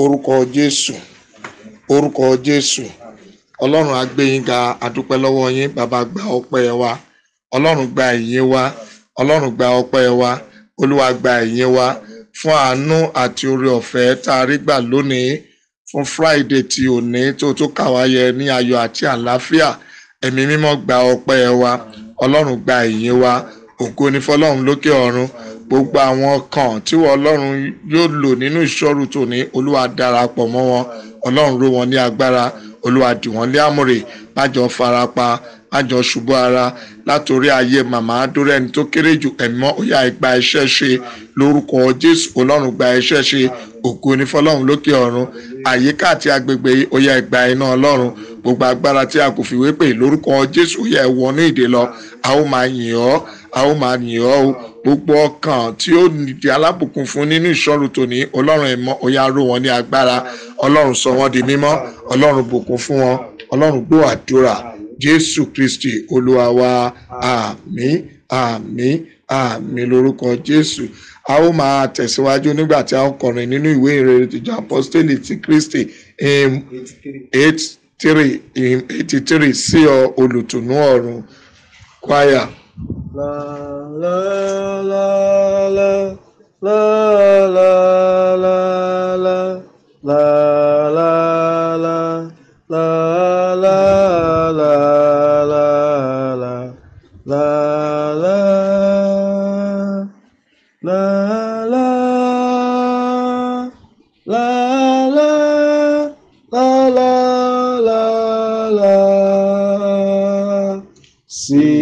orúkọ jésù orúkọ jésù ọlọ́run agbẹ́yìn ga adúpẹ́ lọ́wọ́ yín bàbá gba ọpẹ́ wa ọlọ́run gba ìyìn wa ọlọ́run gba ọpẹ́ wa olúwa gba ìyìn wa fún àánú àti oore ọ̀fẹ́ tá a rí gbà lónìí fún friday tí òní tó tó kà wá yẹ ní ayọ̀ àti àlàáfíà ẹ̀mí mímọ́ gba ọpẹ́ wa ọlọ́run gba ìyìn wa ògo ni fọlọ́run lókè ọ̀run gbogbo àwọn kan tí wọ́n ọlọ́run yóò lò nínú ìṣọ́rù tòní olúwa darapọ̀ mọ́ wọn ọlọ́run ró wọn ní agbára olúwa dì wọ́n lé àmúrè májọ farapa májọ ṣubú ara látòrí ayé màmá dórí ẹni tó kéré jù ẹ̀mọ́ òyà ìgbà iṣẹ́ ṣe lórúkọ jésù ọlọ́run gba iṣẹ́ ṣe ògo ní fọlọ́run lókè ọ̀run àyíká àti agbègbè òyà ìgbà iná ọlọ́run gbogbo agbára tí a kò fìwé pè lórúkọ jésù yẹ wọnú ìdè lọ a ó máa yìn ọ́ a ó máa yìn ọ́ o gbogbo ọkàn tí ó di alábùkún fún nínú ìṣòro tòní ọlọ́run ẹ̀mọ́ ọ̀yà ró wọn ní agbára ọlọ́run sọ wọ́n di mímọ́ ọlọ́run bùkún fún wọn ọlọ́run gbọ́ àdúrà jésù kristi olúwa wa àmín àmín lórúkọ jésù a ó máa tẹ̀síwájú nígbà tí a ń kọrin nínú ìwé ìrere tìjọ apostoli ti kristi eight three sí ọ olùtùnú ọ̀run kwaya. la la la la la la la la la. se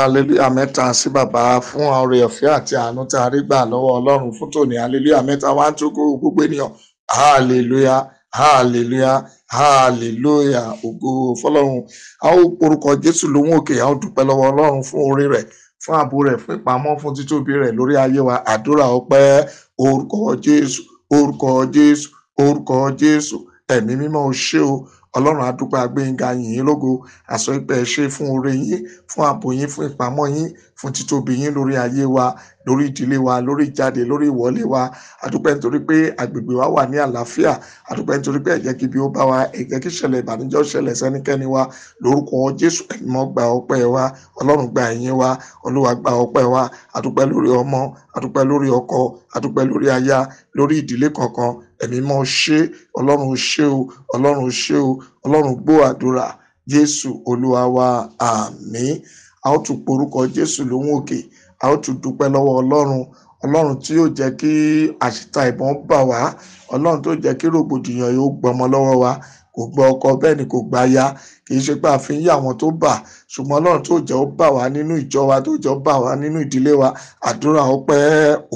hallelujah mẹ́ta sí bàbá fún oore ọ̀fẹ́ àti àánú tá a rí gbà lọ́wọ́ ọlọ́run fún tòní hallelujah mẹ́ta wá ń tún kó gbogbo ènìyàn hallelujah hallelujah hallelujah ògo fọlọ́run a ó porúkọ jésù lóhùn òkè a ó dúpẹ́ lọ́wọ́ ọlọ́run fún oore rẹ̀ fún ààbò rẹ̀ fún ìpamọ́ fún títóbi rẹ̀ lórí ayé wa àdúrà ọpẹ́ orúkọ jésù orúkọ jésù orúkọ jésù ẹ̀mí mímọ́ ṣé o ọlọ́run àdúgbò agbẹ́yìnga yìnyín lógo àsọ ìpẹ́ ṣe fún oore yín fún ààbò yín fún ìpamọ́ yín fún títóbi yín lórí ayé wa lórí ìdílé wa lórí ìjáde lórí ìwọlé wa àdúpẹ́ nítorí pé agbègbè wa wà ní àlàáfíà àdúpẹ́ nítorí pé ẹ jẹ́ kí ibi ó bá wa ẹ jẹ́ kí ìṣẹ̀lẹ̀ ìbànújẹ́ ṣẹlẹ̀ sẹ́nikẹ́ni wa lórúkọ jésù ẹ̀mọ́ gba ọpẹ́ wa ọlọ́run gba ẹ̀yìn wa olúwa gba ọpẹ́ wa àdúpẹ́ lórí ọmọ àdúpẹ́ lórí ọkọ àdúpẹ́ lórí aya lórí ìdílé kọ̀ọ̀kan ẹ̀mí mọ́ ṣe ọlọ́run ṣe o ọlọ́run ṣe o ọlọ́run gbọ́ àdúrà jésù olúwa wa àmín a ó tún porúkọ jésù lóhùn òkè a ó tún dúpẹ́ lọ́wọ́ ọlọ́run ọlọ́run tí yóò jẹ́ kí àṣìta ìbọn bà wá ọlọ́run tó jẹ́ kí rògbòdìyàn yóò gbọmọ lọ́wọ́ wa kò gba ọkọ bẹ́ẹ̀ ni kò gba aya kì í ṣe pé àfi ń yí àwọn tó bà ṣùgbọ́n ọlọ́run tó jẹ́ ó bà wá nínú ìjọ wa tó jẹ́ ó bà wá nínú ìdílé wa àdúrà ọpẹ́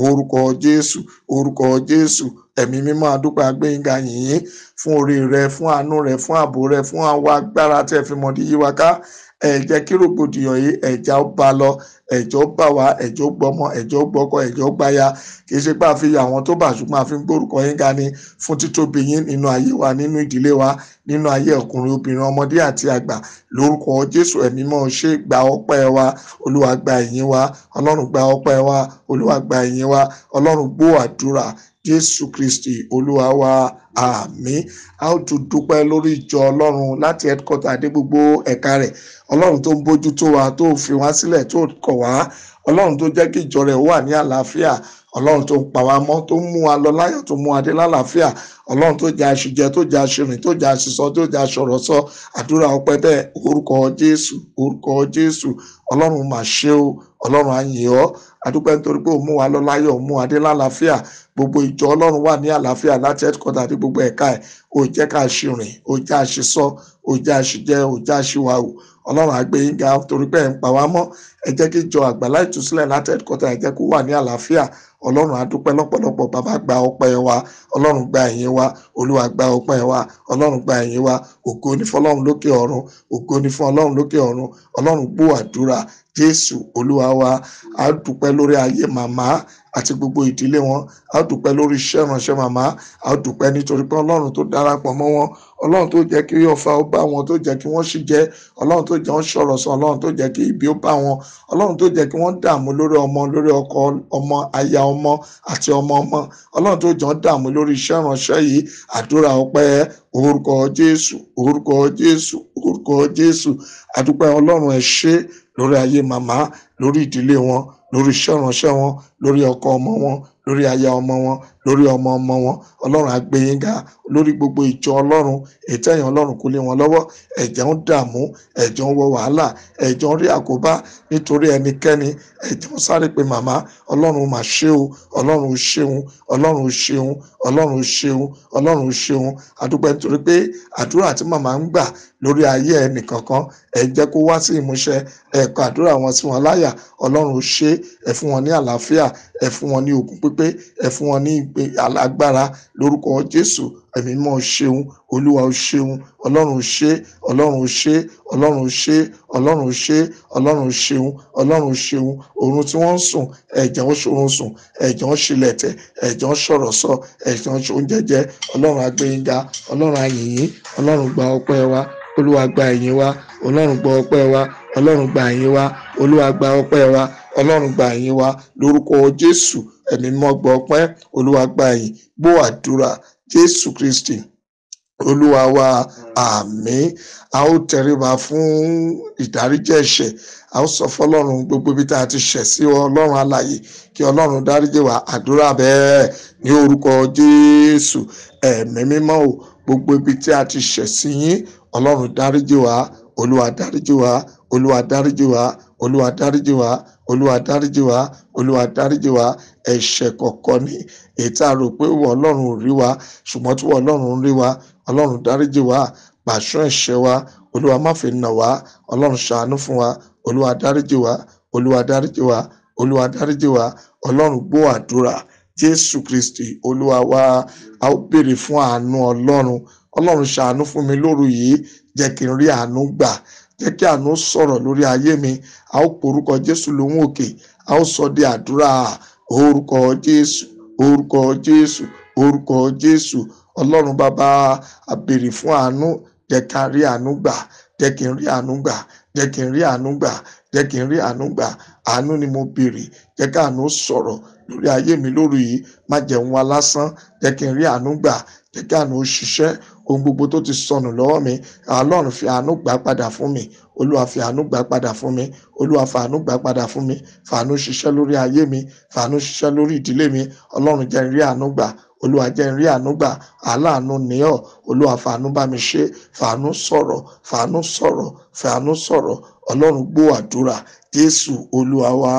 orúkọ jésù orúkọ jésù ẹ̀mí mímọ́ adúpẹ́ agbẹ́yìnga yìnyín fún oore rẹ fún àánú rẹ fún ààbò rẹ fún àwọn agbára tẹ fi mọ̀dí yí wa ká ẹ kí rògbòdìyàn yìí ẹ̀já ó bá lọ ẹ̀jọ́ bá wa ẹ̀jọ́ gbọmọ ẹ̀jọ́ gbọ́kọ ẹ̀jọ́ gbáya kì í ṣe pé àfi àwọn tó bá ṣùgbọ́n àfi ń gbórúkọ yín ga ni fún títóbi yín nínú ayé wa nínú ìdílé wa nínú ayé ọkùnrin obìnrin ọmọdé àti àgbà lórúkọ Jésù ẹ̀mí mọ́ ṣe gba ọpẹ́ wa Olúwa gba ìyìn wa Ọlọ́run gba ọpẹ́ wa Olúwa gba ìyìn wa Ọlọ́run gbọ́ àdúrà jésù kristi olúwa wa àmín a ó tún dúpẹ́ lórí ìjọ ọlọ́run láti headquarter dé gbogbo ẹ̀ka rẹ̀ ọlọ́run tó ń bójú tó wa tó fi wá sílẹ̀ tó kọ̀ wá ọlọ́run tó jẹ́ kí ìjọ rẹ̀ wà ní àlàáfíà ọlọ́run tó ń pa wá mọ́ tó ń mú wa lọ láyọ̀ tó mú wa dé lálàáfíà ọlọ́run tó jẹ́ aṣèjẹ tó jẹ́ aṣèrìn tó jẹ́ aṣìsọ tó jẹ́ aṣọ̀rọ̀ sọ àdúrà ọpẹ́ bẹ́ẹ̀ orúkọ jésù orúkọ jésù ọlọ́run mà ṣe o ọlọ́run á ọ́ adúpẹ́ nítorí pé ó mú wa lọ láyọ̀ ó mú wa dé lálàáfíà gbogbo ìjọ ọlọ́run wà ní àlàáfíà láti headquarter àti gbogbo ẹ̀ka ẹ̀ ò jẹ́ ká ṣe rìn ò jẹ́ àṣe sọ ò jẹ́ àṣe jẹ́ ò jẹ́ àṣe wà o ọlọ́run àgbẹ̀ yín ga torí pé ẹ̀ ń pa wá mọ́ ẹ jẹ́ kí ìjọ àgbàlá ìtúsílẹ̀ láti headquarter ẹ jẹ́ kó wà ní àlàáfíà ọlọ́run adúpẹ́ lọ́pọ̀lọpọ̀ bàbá gba ọpẹ́ wa ọlọ́run gba ẹ̀yìn wa olúwa gba ọpẹ́ wa ọlọ́run gba ẹ̀yìn wa ògo ni fún ọlọ́run lókè ọ̀run ògo ni fún ọlọ́run lókè ọ̀run ọlọ́run gbọ́ àdúrà jésù olúwa wa adúpẹ́ lórí ayé màmá àti gbogbo ìdílé wọn a dúpẹ́ lórí iṣẹ́ ìránṣẹ́ màmá a dúpẹ́ nítorí pé ọlọ́run tó darapọ̀ mọ́ wọn ọlọ́run tó jẹ́ kí ọfà ó bá wọn tó jẹ́ kí wọ́n sì jẹ́ ọlọ́run tó jẹ́ wọ́n sọ̀rọ̀ sọ ọlọ́run tó jẹ́ kí ibi ó bá wọn ọlọ́run tó jẹ́ kí wọ́n dààmú lórí ọmọ lórí ọkọ ọmọ aya ọmọ àti ọmọ ọmọ ọlọ́run tó jẹ́ wọ́n dààmú lórí iṣẹ́ ìránṣẹ́ yìí àdúrà ọpẹ́ orúkọ jésù orúkọ jésù orúkọ jésù àdúpẹ́ ọlọ́run ẹ ṣé lórí ayé màmá lórí ìdílé wọn lórí iṣẹ́ ìránṣẹ́ wọn lórí ọkọ ọmọ wọn lórí aya ọmọ wọn lórí ọmọ ọmọ wọn ọlọ́run á gbé yín ga lórí gbogbo ìjọ ọlọ́run ìtẹ̀yìn ọlọ́run kó lé wọn lọ́wọ́ ẹ̀jẹ̀ ń dààmú ẹ̀jẹ̀ ń wọ wàhálà ẹ̀jẹ̀ ń rí àkóbá nítorí ẹnikẹ́ni ẹ̀jẹ̀ ń sáré pé màmá ọlọ́run mà ṣe o ọlọ́run ò ṣeun ọlọ́run ò ṣeun ọlọ́run ò ṣeun ọlọ́run ò ṣeun àdúpẹ́ nítorí pé àdúrà tí màmá ń gbà lórí ayé ẹnìkankan ẹ jẹ́ kó wá sí ìmúṣẹ ẹ̀ka àdúrà wọn sí wọn láyà ọlọ́run ò ṣe ẹ fún wọn ní àlàáfíà ẹ fún wọn ní okun pípé ẹ fún wọn ní alágbára lórúkọ jésù ẹ̀mí mọ́ ṣeun olúwa ó ṣeun ọlọ́run ṣe ọlọ́run ṣe ọlọ́run ṣe ọlọ́run ṣe ọlọ́run ṣeun ọlọ́run ṣeun oorun tí wọ́n ń sùn ẹ̀jẹ̀ ń ṣorun sùn ẹ̀jẹ̀ ń ṣilẹ̀tẹ̀ ẹ̀jẹ̀ ń ṣọ̀rọ̀ sọ ẹ̀jẹ̀ ń ṣoúnjẹ jẹ ọlọ́run agbẹ́yìnga ọlọ́run ayìnyín ọlọ́run gba ọpẹ́ wa olúwa gba ẹ̀yìn wa ọlọ́run gba ọpẹ́ wa ọlọ́run gba ẹ̀yìn wa olúwa gba ọpẹ́ wa ọlọ́run gba ẹ̀yìn wa lórúkọ jésù ẹ̀mí mọ́ gba ọpẹ́ olúwa gba ẹ̀yìn gbọ́ àdúrà jésù kristi olúwa wa àmín a ó tẹríba fún ìdáríjẹ́ ẹ̀ṣẹ̀ a ó sọ fọlọ́run gbogbo ibi tá a ti ṣẹ̀ sí ọlọ́run alààyè kí ọlọ́run dáríjì wa àdúrà bẹ́ẹ̀ ní orúkọ jésù ẹ̀mí mímọ́ o gbogbo ibi tí a ti ṣẹ̀ sí yín ọlọ́run dáríjì wa olúwa dáríjì wa olúwa dáríjì wá olúwa dáríjì wá olúwa dáríjì wá olúwa dáríjì wá ẹ̀ṣẹ̀ kọ̀ọ̀kan ni èyí tá a rò pé wọ ọlọ́run ò rí wa ṣùgbọ́n tí wọ ọlọ́run rí wa ọlọ́run dáríjì wá pàṣọ ẹ̀ṣẹ̀ wa olúwa má fi nà wá ọlọ́run ṣàánú fún wa olúwa dáríjì wá olúwa dáríjì wá olúwa dáríjì wá ọlọ́run gbọ́ àdúrà jésù kristi olúwa wa a ó béèrè fún àánú ọlọ́run ọlọ́run ṣàánú fún mi lóru yìí jẹ́ kí n rí àánú gbà jẹ́ kí àánú sọ̀rọ̀ lórí ayé mi a ó porúkọ Jésù lóhùn òkè a ó sọ di àdúrà orúkọ Jésù orúkọ Jésù orúkọ Jésù Ọlọ́run bàbá a béèrè fún àánú jẹ́ ká rí àánú gbà jẹ́ kí n rí àánú gbà jẹ́ kí n rí àánú gbà jẹ́ kí n rí àánú gbà àánú ni mo béèrè jẹ́ ká àánú sọ̀rọ̀ lórí ayé mi lóru yìí má jẹun wa lásán jẹ́ kí n rí àánú gbà jẹ́ kí àánú ṣiṣẹ́ ohun gbogbo tó ti sọnù lọ́wọ́ mi ọlọ́run fi àánú gbà padà fún mi olúwa fi àánú gbà padà fún mi olúwa fàánú gbà padà fún mi fàánú ṣiṣẹ́ lórí ayé mi fàánú ṣiṣẹ́ lórí ìdílé mi ọlọ́run jẹ́ n rí àánú gbà olúwa jẹ́ n rí àánú gbà aláàánú ni ọ́ olúwa fàánú bá mi ṣe fàánú sọ̀rọ̀ fàánú sọ̀rọ̀ fàánú sọ̀rọ̀ ọlọ́run gbọ́ àdúrà jésù olúwa wa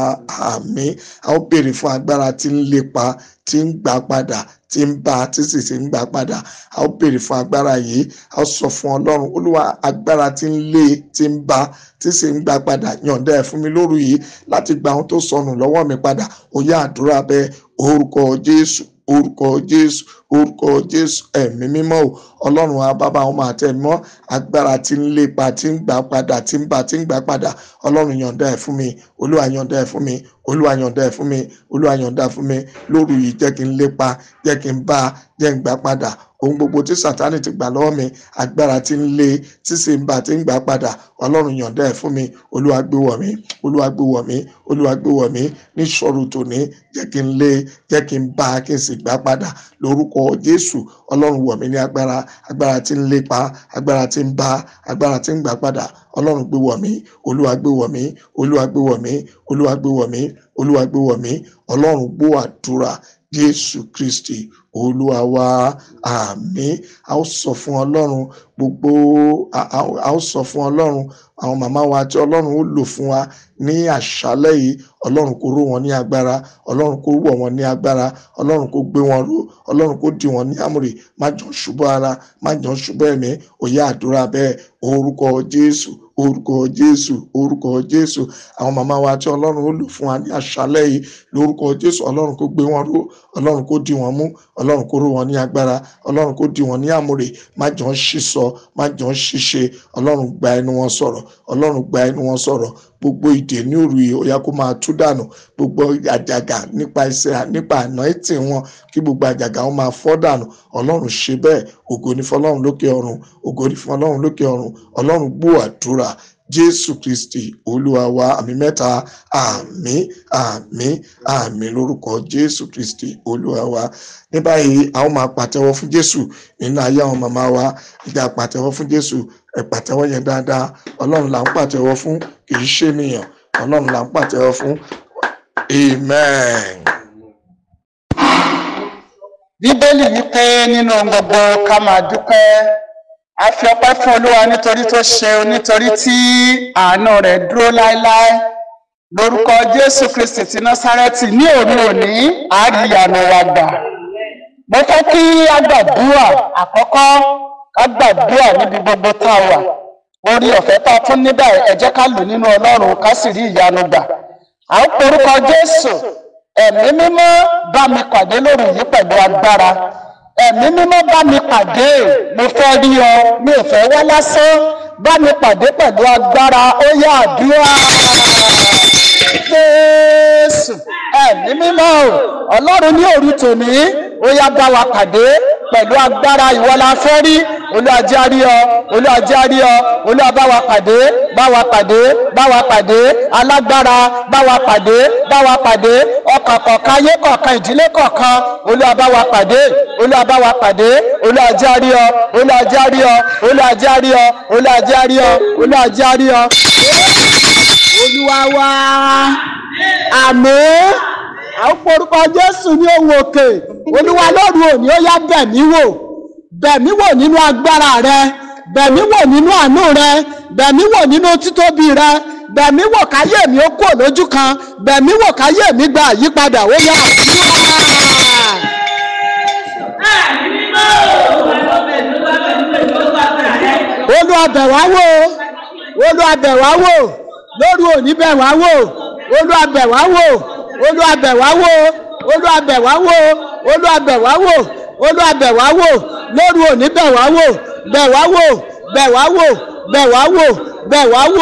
àmín a ó béèrè fún agbára tí ń lépa tí ń gbà padà ti ń bá tí sì ti ń gbà padà a ó béèrè fún agbára yìí a ó sọ fún ọlọ́run olúwa agbára tí ń lé tí ń bá tí sì ń gbà padà yọ̀ǹda ẹ̀ fún mi lóru yìí láti gba ohun tó sọnù lọ́wọ́ mi padà ó àdúrà bẹ́ẹ̀ orúkọ jésù orúkọ jésù orúkọ jésù ẹ̀mí mímọ́ o ọlọ́run á bàbá àwọn ọmọ àtẹ̀mọ́ agbára tí ń lépa tí ń gbà padà tí ń bá tí ń gbà padà ọlọ́run yọ̀ǹda ẹ̀ fún mi olúwa yọ̀ǹda ẹ̀ fún mi olúwa yọ̀ǹda ẹ̀ fún mi olúwa yọ̀ǹda ẹ̀ fún mi lóru yìí jẹ́ kí n lépa jẹ́ kí n bá jẹ́ n gbà padà ohun gbogbo tí sátani ti gbà lọ́wọ́ mi agbára tí ń lé tí sì ń bá tí ń gbà padà ọlọ́run yọ̀ǹda ẹ̀ fún mi olúwa gbé wọ̀ mí olúwa gbé wọ̀ mí olúwa gbé wọ̀ mí ní sọ̀rọ̀ tòní jẹ́ kí n lé jẹ́ kí n bá kí n sì gbà padà lórúkọ orúkọ jésù ọlọ́run wọ̀ mí ní agbára agbára tí ń lépa agbára tí ń bá agbára tí ń gbà padà ọlọ́run gbé wọ̀ mí olúwa gbé wọ̀ mí olúwa gbé wọ̀ mí olúwa gbé wọ̀ mí olúwa gbé wọ̀ mí ọlọ́run gbọ́ àdúrà jésù kristi olúwa wa àmín a ó sọ fún ọlọ́run gbogbo a ó sọ fún ọlọ́run àwọn màmá wa tí ọlọ́run ó lò fún wa ní àṣálẹ́ yìí ọlọ́run kó ró wọn ní agbára ọlọ́run kó wọ̀ wọn ní agbára ọlọ́run kó gbé wọn ró ọlọ́run kó dì wọn ní àmúrè má jọ ṣubú ara má jọ ṣubú ẹ̀mí òye àdúrà bẹ́ẹ̀ orúkọ jésù orúkọ jésù orúkọ jésù àwọn màmá wa tí ọlọ́run ó lò fún wa ní àṣálẹ́ yìí lórúkọ jésù ọlọ́run kó gbé wọn ró ọlọ́run kó dì wọ́n mú ọlọ́run kó ró wọn ní agbára ọlọ́run kó dì wọ́n ní àmúre má jọ ń ṣiṣọ má jọ ń ṣiṣe ọlọ́run gba ẹnu wọn sọ̀rọ̀ ọlọ́run gba ẹnu wọn sọ̀rọ̀ gbogbo ìdè ní òru yìí ó yá kó máa tú dànù gbogbo àjàgà nípa iṣẹ́ nípa àná ẹ̀tì wọn kí gbogbo àjàgà wọn máa fọ́ dànù ọlọ́run ṣe bẹ́ẹ̀ ògo ni fọlọ́run lókè ọ̀run ògo ni fọlọ́run lókè ọ̀run ọlọ́run gbọ́ àdúrà jésù kristi olúwa wa àmì mẹ́ta àmì àmì àmì lórúkọ jésù kristi olúwa ní báyìí a ó máa pàtẹ́wọ́ fún jésù nínú ayé àwọn màmá wa ìjà pàtẹ́wọ́ fún jésù ẹ pàtẹ́wọ́ yẹn dáadáa ọlọ́run là ń pàtẹ́wọ́ fún kì í ṣe nìyàn ọlọ́run là ń pàtẹ́wọ́ fún amen. bíbélì ní pé nínú gbogbo ká máa dúpẹ́ a fi ọpẹ́ fún olúwa nítorí tó ṣe nítorí tí àánú rẹ̀ dúró láéláé lórúkọ jésù kristi ti násárẹ́tì ní òru òní àárí ìyanu wa gbà mo fẹ́ kí a àkọ́kọ́. ká gbàdúrà níbi gbogbo tá a wà orí ọ̀fẹ́ tá a tún ní báyìí ẹ jẹ́ ká lù nínú ọlọ́run ká sì rí ìyanu gbà à ń porúkọ jésù ẹ̀mí mímọ́ bá mi pàdé lórí yìí pẹ̀lú agbára ẹ̀mí mímọ́ bá mi pàdé mo fẹ́ rí ọ mi ò fẹ́ wá lásán bá mi pàdé pẹ̀lú agbára ó yá àdúrà jésù ẹ̀mí mímọ́ ọlọ́run ní òru tòní ó yá bá wa pàdé pẹ̀lú agbára ìwọ la fẹ́ rí olúwa ọ olúwa ọ olúwa pàdé bá pàdé bá pàdé alágbára bá pàdé bá pàdé ọkàn ayé kọ̀ọ̀kan ìdílé kọ̀ọ̀kan olúwa pàdé olúwa pàdé olúwa ọ olúwa ọ olúwa ọ olúwa ọ olúwa ọ. olúwa wa à ń Jésù ní ohun òkè Olúwa lóru òní ó yá bẹ̀mí wò bẹ̀mí wò nínú rẹ bẹ̀mí wò nínú àánú rẹ bẹ̀mí wò nínú títóbi rẹ bẹ̀mí wò káyé mi ó lójú kan bẹ̀mí wò káyé mi gba àyípadà ó yá lóru òní olúwàbẹ̀wáwò olúwàbẹ̀wáwò olúwàbẹ̀wáwò olúwàbẹ̀wáwò lóru òní wò bẹ̀wáwò bẹ̀wáwò bẹ̀wáwò bẹ̀wáwò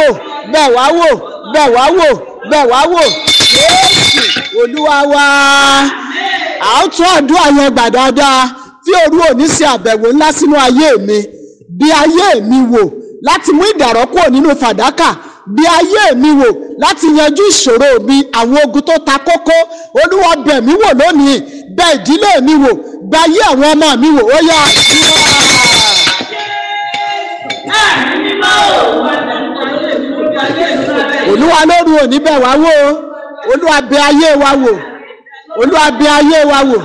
bẹ̀wáwò bẹ̀wáwò bẹ̀wáwò Jésù Olúwa wò à ó tún àdúrà yẹn gbà dáadáa tí òru òní ṣe àbẹ̀wò ńlá sínú ayé mi bí ayé mi wò láti mú ìdàrọ́ kúrò nínú fàdákà bí ayé mi wò láti yanjú ìṣòro mi àwọn ogun tó ta kókó olúwa bẹ̀ mí wò lónìí bẹ̀ ìdílé mi wò bẹ̀ ayé àwọn ọmọ mi wò ó yá. olúwa lóru òní bẹ̀ wá wò olúwa bẹ̀ ayé wa wò olúwa bẹ̀ ayé wa wò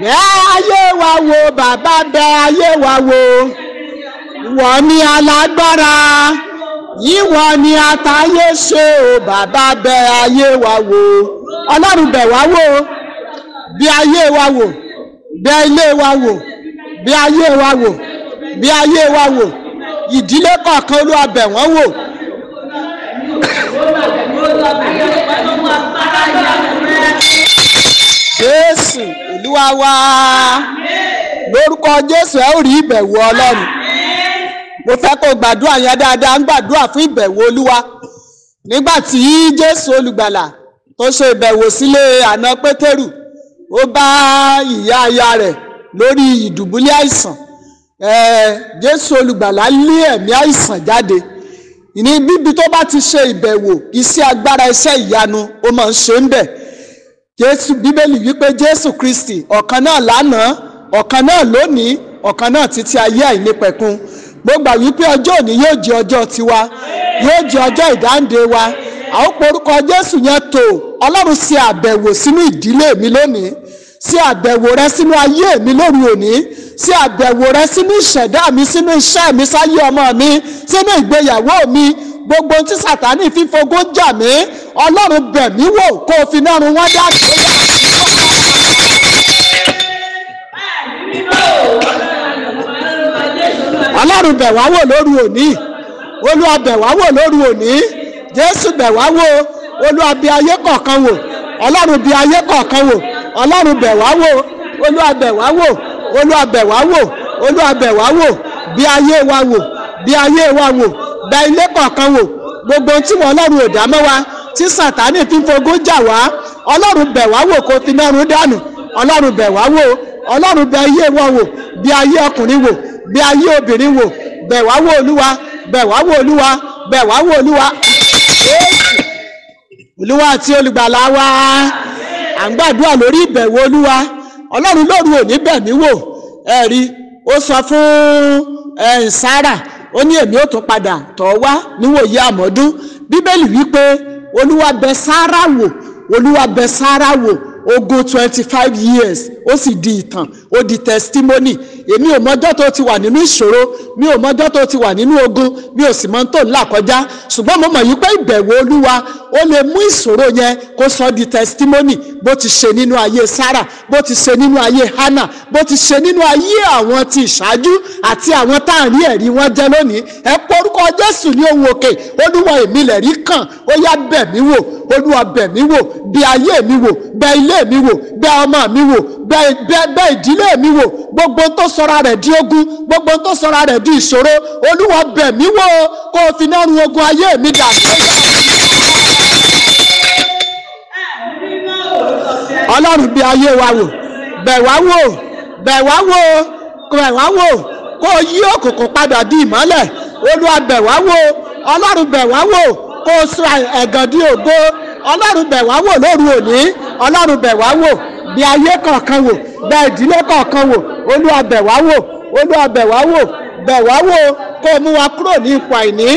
bẹ̀ ayé wa wò bàbá bẹ̀ ayé wa wò wọ́n ní alágbára yíwọ ni àtayé ṣe o bàbá bẹ̀ ayé wa wò ọlọ́run bẹ̀ wá wò bí ayé wa wò bẹ̀ ilé wa wò bí ayé wa wò bí ayé wa wò ìdílé kọ̀ọ̀kan olúwa bẹ̀ wọ́n wò. jésù olúwa wá lórúkọ jésù ẹ ò rí ìbẹ̀wò ọlọ́run mo fẹ́ kó gbàdúrà yẹn dáadáa ń gbàdúrà fún ìbẹ̀wò olúwa nígbà tí jésù olùgbàlà tó ṣe ìbẹ̀wò sílé àná pétérù ó bá ìyá aya rẹ̀ lórí ìdùbúlẹ̀ àìsàn jésù olùgbàlà lé ẹ̀mí àìsàn jáde ní bíbi tó bá ti ṣe ìbẹ̀wò iṣẹ́ agbára iṣẹ́ ìyanu ó máa ń ṣe ń bẹ̀ jésù bíbélì wípé jésù kristi ọ̀kan náà lánàá ọ̀kan náà lónìí ọ̀kan náà títí ayé àìnípẹ̀kun mo gbà wípé ọjọ́ òní yóò jẹ́ ọjọ́ tiwa yóò jẹ́ ọjọ́ ìdáǹdè wa a ó porúkọ Jésù yẹn tó Ọlọ́run ṣe àbẹ̀wò sínú ìdílé mi lónìí ṣe àbẹ̀wò rẹ sínú ayé mi lóru òní ṣe àbẹ̀wò rẹ sínú ìṣẹ̀dá mi sínú iṣẹ́ mi sáyé ọmọ mi sínú ìgbéyàwó mi gbogbo tí Sátánì fífogún jà mí Ọlọ́run bẹ̀ mí wò kó o fi náà run wọ́n dá tó ọlọ́run bẹ̀ wá wò lóru òní olúwa bẹ̀ wá wò lóru òní jésù bẹ̀ wá wò olúwa bí ayé kọ̀ọ̀kan wò ọlọ́run bí ayé kọ̀ọ̀kan wò ọlọ́run bẹ̀ wá wò olúwa bẹ̀ wá wò olúwa bẹ̀ wá wò olúwa bẹ̀ wá wò bí ayé wa wò bí ayé wa wò bẹ ilé kọ̀ọ̀kan wò gbogbo tí wọn ọlọ́run ò dá mọ́ wa tí sàtánì fi fogún jà wá ọlọ́run bẹ̀ wá wò kó fi mẹ́rún dànù ayé wa bí ayé obìnrin wò bẹ̀ wá wò olúwa bẹ̀ wá wò olúwa bẹ̀ wá wò olúwa olúwa àti olùgbàlà wa à ń gbàdúrà lórí ìbẹ̀wò olúwa ọlọ́run lóru òní bẹ̀ mí wò ẹ rí ó sọ fún Sárà ó ní èmi ó tún padà tọ̀ wá níwòye àmọ́dún bíbélì wípé olúwa bẹ sara wò olúwa bẹ sara wò ogún twenty five years ó sì di ìtàn ó di testimony èmi ò mọjọ́ tó ti wà nínú ìṣòro mi ò mọjọ́ tó ti wà nínú ogun mi ò sì mọ tó ń kọjá ṣùgbọ́n mo mọ̀ yí pé ìbẹ̀wò olúwa ó lè mú ìṣòro yẹn kó sọ di testimony bó ti ṣe nínú ayé Sarah bó ti ṣe nínú ayé Hannah bó ti ṣe nínú ayé àwọn ti ìṣáájú àti àwọn tá à ń rí ẹ̀rí wọn jẹ́ lónìí ẹ porúkọ Jésù ní ohùn òkè olúwa èmi lẹ̀ rí kàn ó yá bẹ̀ mí wò olúwa bẹ̀ mí wò bẹ ayé mi wò bẹ ilé mi wò bẹ ọmọ mi wò bẹ ìdílé mi wò gbogbo tó sọra rẹ̀ di ogun gbogbo tó sọra rẹ̀ kojú ìṣòro olúwa bẹ̀ mí o fi náà ogun ayé mi dà. ọlọ́run bí ayé wa wò bẹ̀ wá wò bẹ̀ wá wò bẹ̀ wá wò kó o yí òkùnkùn padà di ìmọ́lẹ̀ olúwa bẹ̀ wá wò ọlọ́run bẹ̀ wá wò kó o sọ ẹ̀gàn di ògo ọlọ́run bẹ̀ wá wò lóru òní ọlọ́run bẹ̀ wá wò bí ayé kọ̀ọ̀kan wò bẹ́ẹ̀ ìdílé kọ̀ọ̀kan wò olúwa bẹ̀ wá wò olúwa bẹ̀ wá bẹ̀ wá wò kó o mú wa kúrò ní ipò àìní.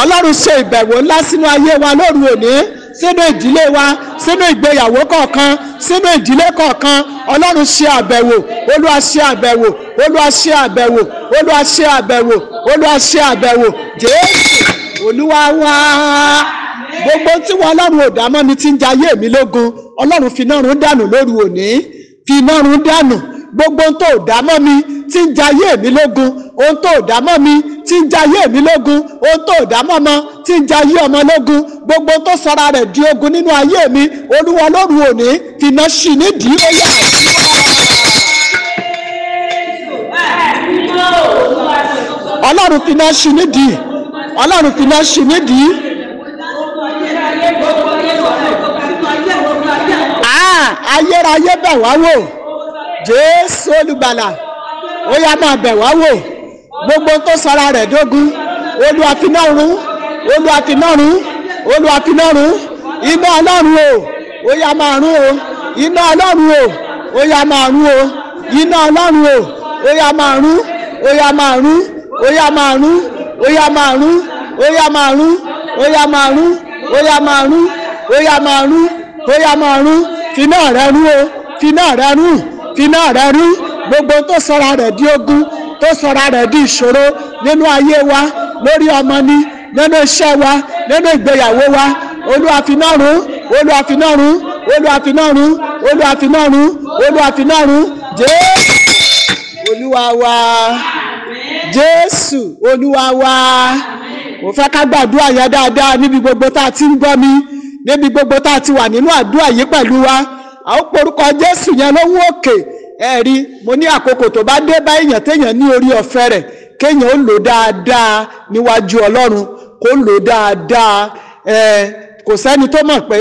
ọlọ́run ṣe ìbẹ̀wò ńlá sínú ayé wa lóru òní sínú ìdílé wa sínú ìgbéyàwó kọ̀ọ̀kan sínú ìdílé kọ̀ọ̀kan ọlọ́run ṣe àbẹ̀wò olúwa ṣe àbẹ̀wò olúwa ṣe àbẹ̀wò olúwa ṣe àbẹ̀wò olúwa ṣe àbẹ̀wò jésù olúwa wá gbogbo tí wọn ọlọ́run ò dámọ́ mi ti ń jayé mi lógun ọlọ́run fi náà rún dànù lóru òní fi náà rún dànù gbogbo ohun tó dá mọ́ mi tí ń jayé mi lógun ohun tó dá mọ́ mi tí ń jayé mi lógun ohun tó dá mọ́ ọmọ tí ń jayé ọmọ lógun gbogbo ohun tó sọra rẹ̀ di ogun nínú ayé mi olúwa lóru òní fìnà sí nídìí ó yà ọlọ́run fìnà sí nídìí ọlọ́run fìnà sí nídìí. Ah, ayérayé bẹ̀ wá wò. jésù olùgbàlà ó yá máa bẹ̀ wò gbogbo tó sọra rẹ̀ dógún Olu finá run olúwa finá run olúwa finá run iná ọlọ́run o ó yá máa run o iná ọlọ́run o ó yá máa o iná ọlọ́run o ó yá máa run ó yá máa run ó yá máa run ó yá máa run ó yá máa ó yá máa ó yá máa ó yá máa ó yá máa finá o finá iná rẹ rí gbogbo tó sọra rẹ̀ di ogun tó sọra rẹ̀ di ìṣòro nínú ayé wa lórí ọmọ ni nínú iṣẹ́ wa nínú ìgbéyàwó wa olúwafinárun olúwafinárun olúwafinárun olúwafinárun olúwafinárun jésù olúwa wa jésù olúwa wa mo fẹ́ ká gbàdúrà yẹn dáadáa níbi gbogbo tá a ti ń gbọ́ mi níbi gbogbo tá a ti wà nínú àdúrà yìí pẹ̀lú wa a ó porúkọ Jésù yẹn lọ́wọ́ òkè ẹ̀rí mo ní àkókò tó bá dé bá èèyàn téèyàn ní orí ọ̀fẹ́ rẹ̀ kéèyàn ó lò dáadáa níwájú Ọlọ́run kó lò dáadáa kò sẹ́ni tó mọ̀ pé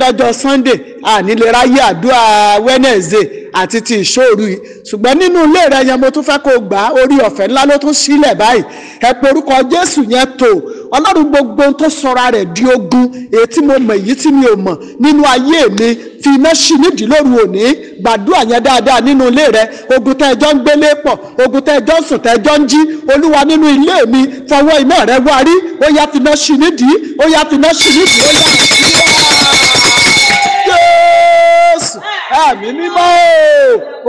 lọ́jọ́ Sunday àníléráyé àdúrà Wednesday àti ti ìṣòru yìí ṣùgbọ́n nínú ilé rẹ yẹn mo tún fẹ́ kó gbà orí ọ̀fẹ́ ńlá ló tún sílẹ̀ báyìí ẹ porúkọ Jésù yẹn tó ọlọ́run gbogbo tó sọra rẹ̀ di ogun èyí tí mo mọ̀ èyí tí mi ò mọ̀ nínú ayé mi fi iná ṣì nídìí lóru òní gbàdúrà yẹn dáadáa nínú ilé rẹ ogun tẹ́ ń gbélé pọ̀ ogun tẹ́ ń sùn tẹ́ ń jí olúwa nínú ilé mi fọwọ́ iná rẹ wá ó yá fi iná ṣì nídìí ó yá fi iná ṣì nídìí ó yá fi iná ṣì nídìí ẹ̀mí mímọ́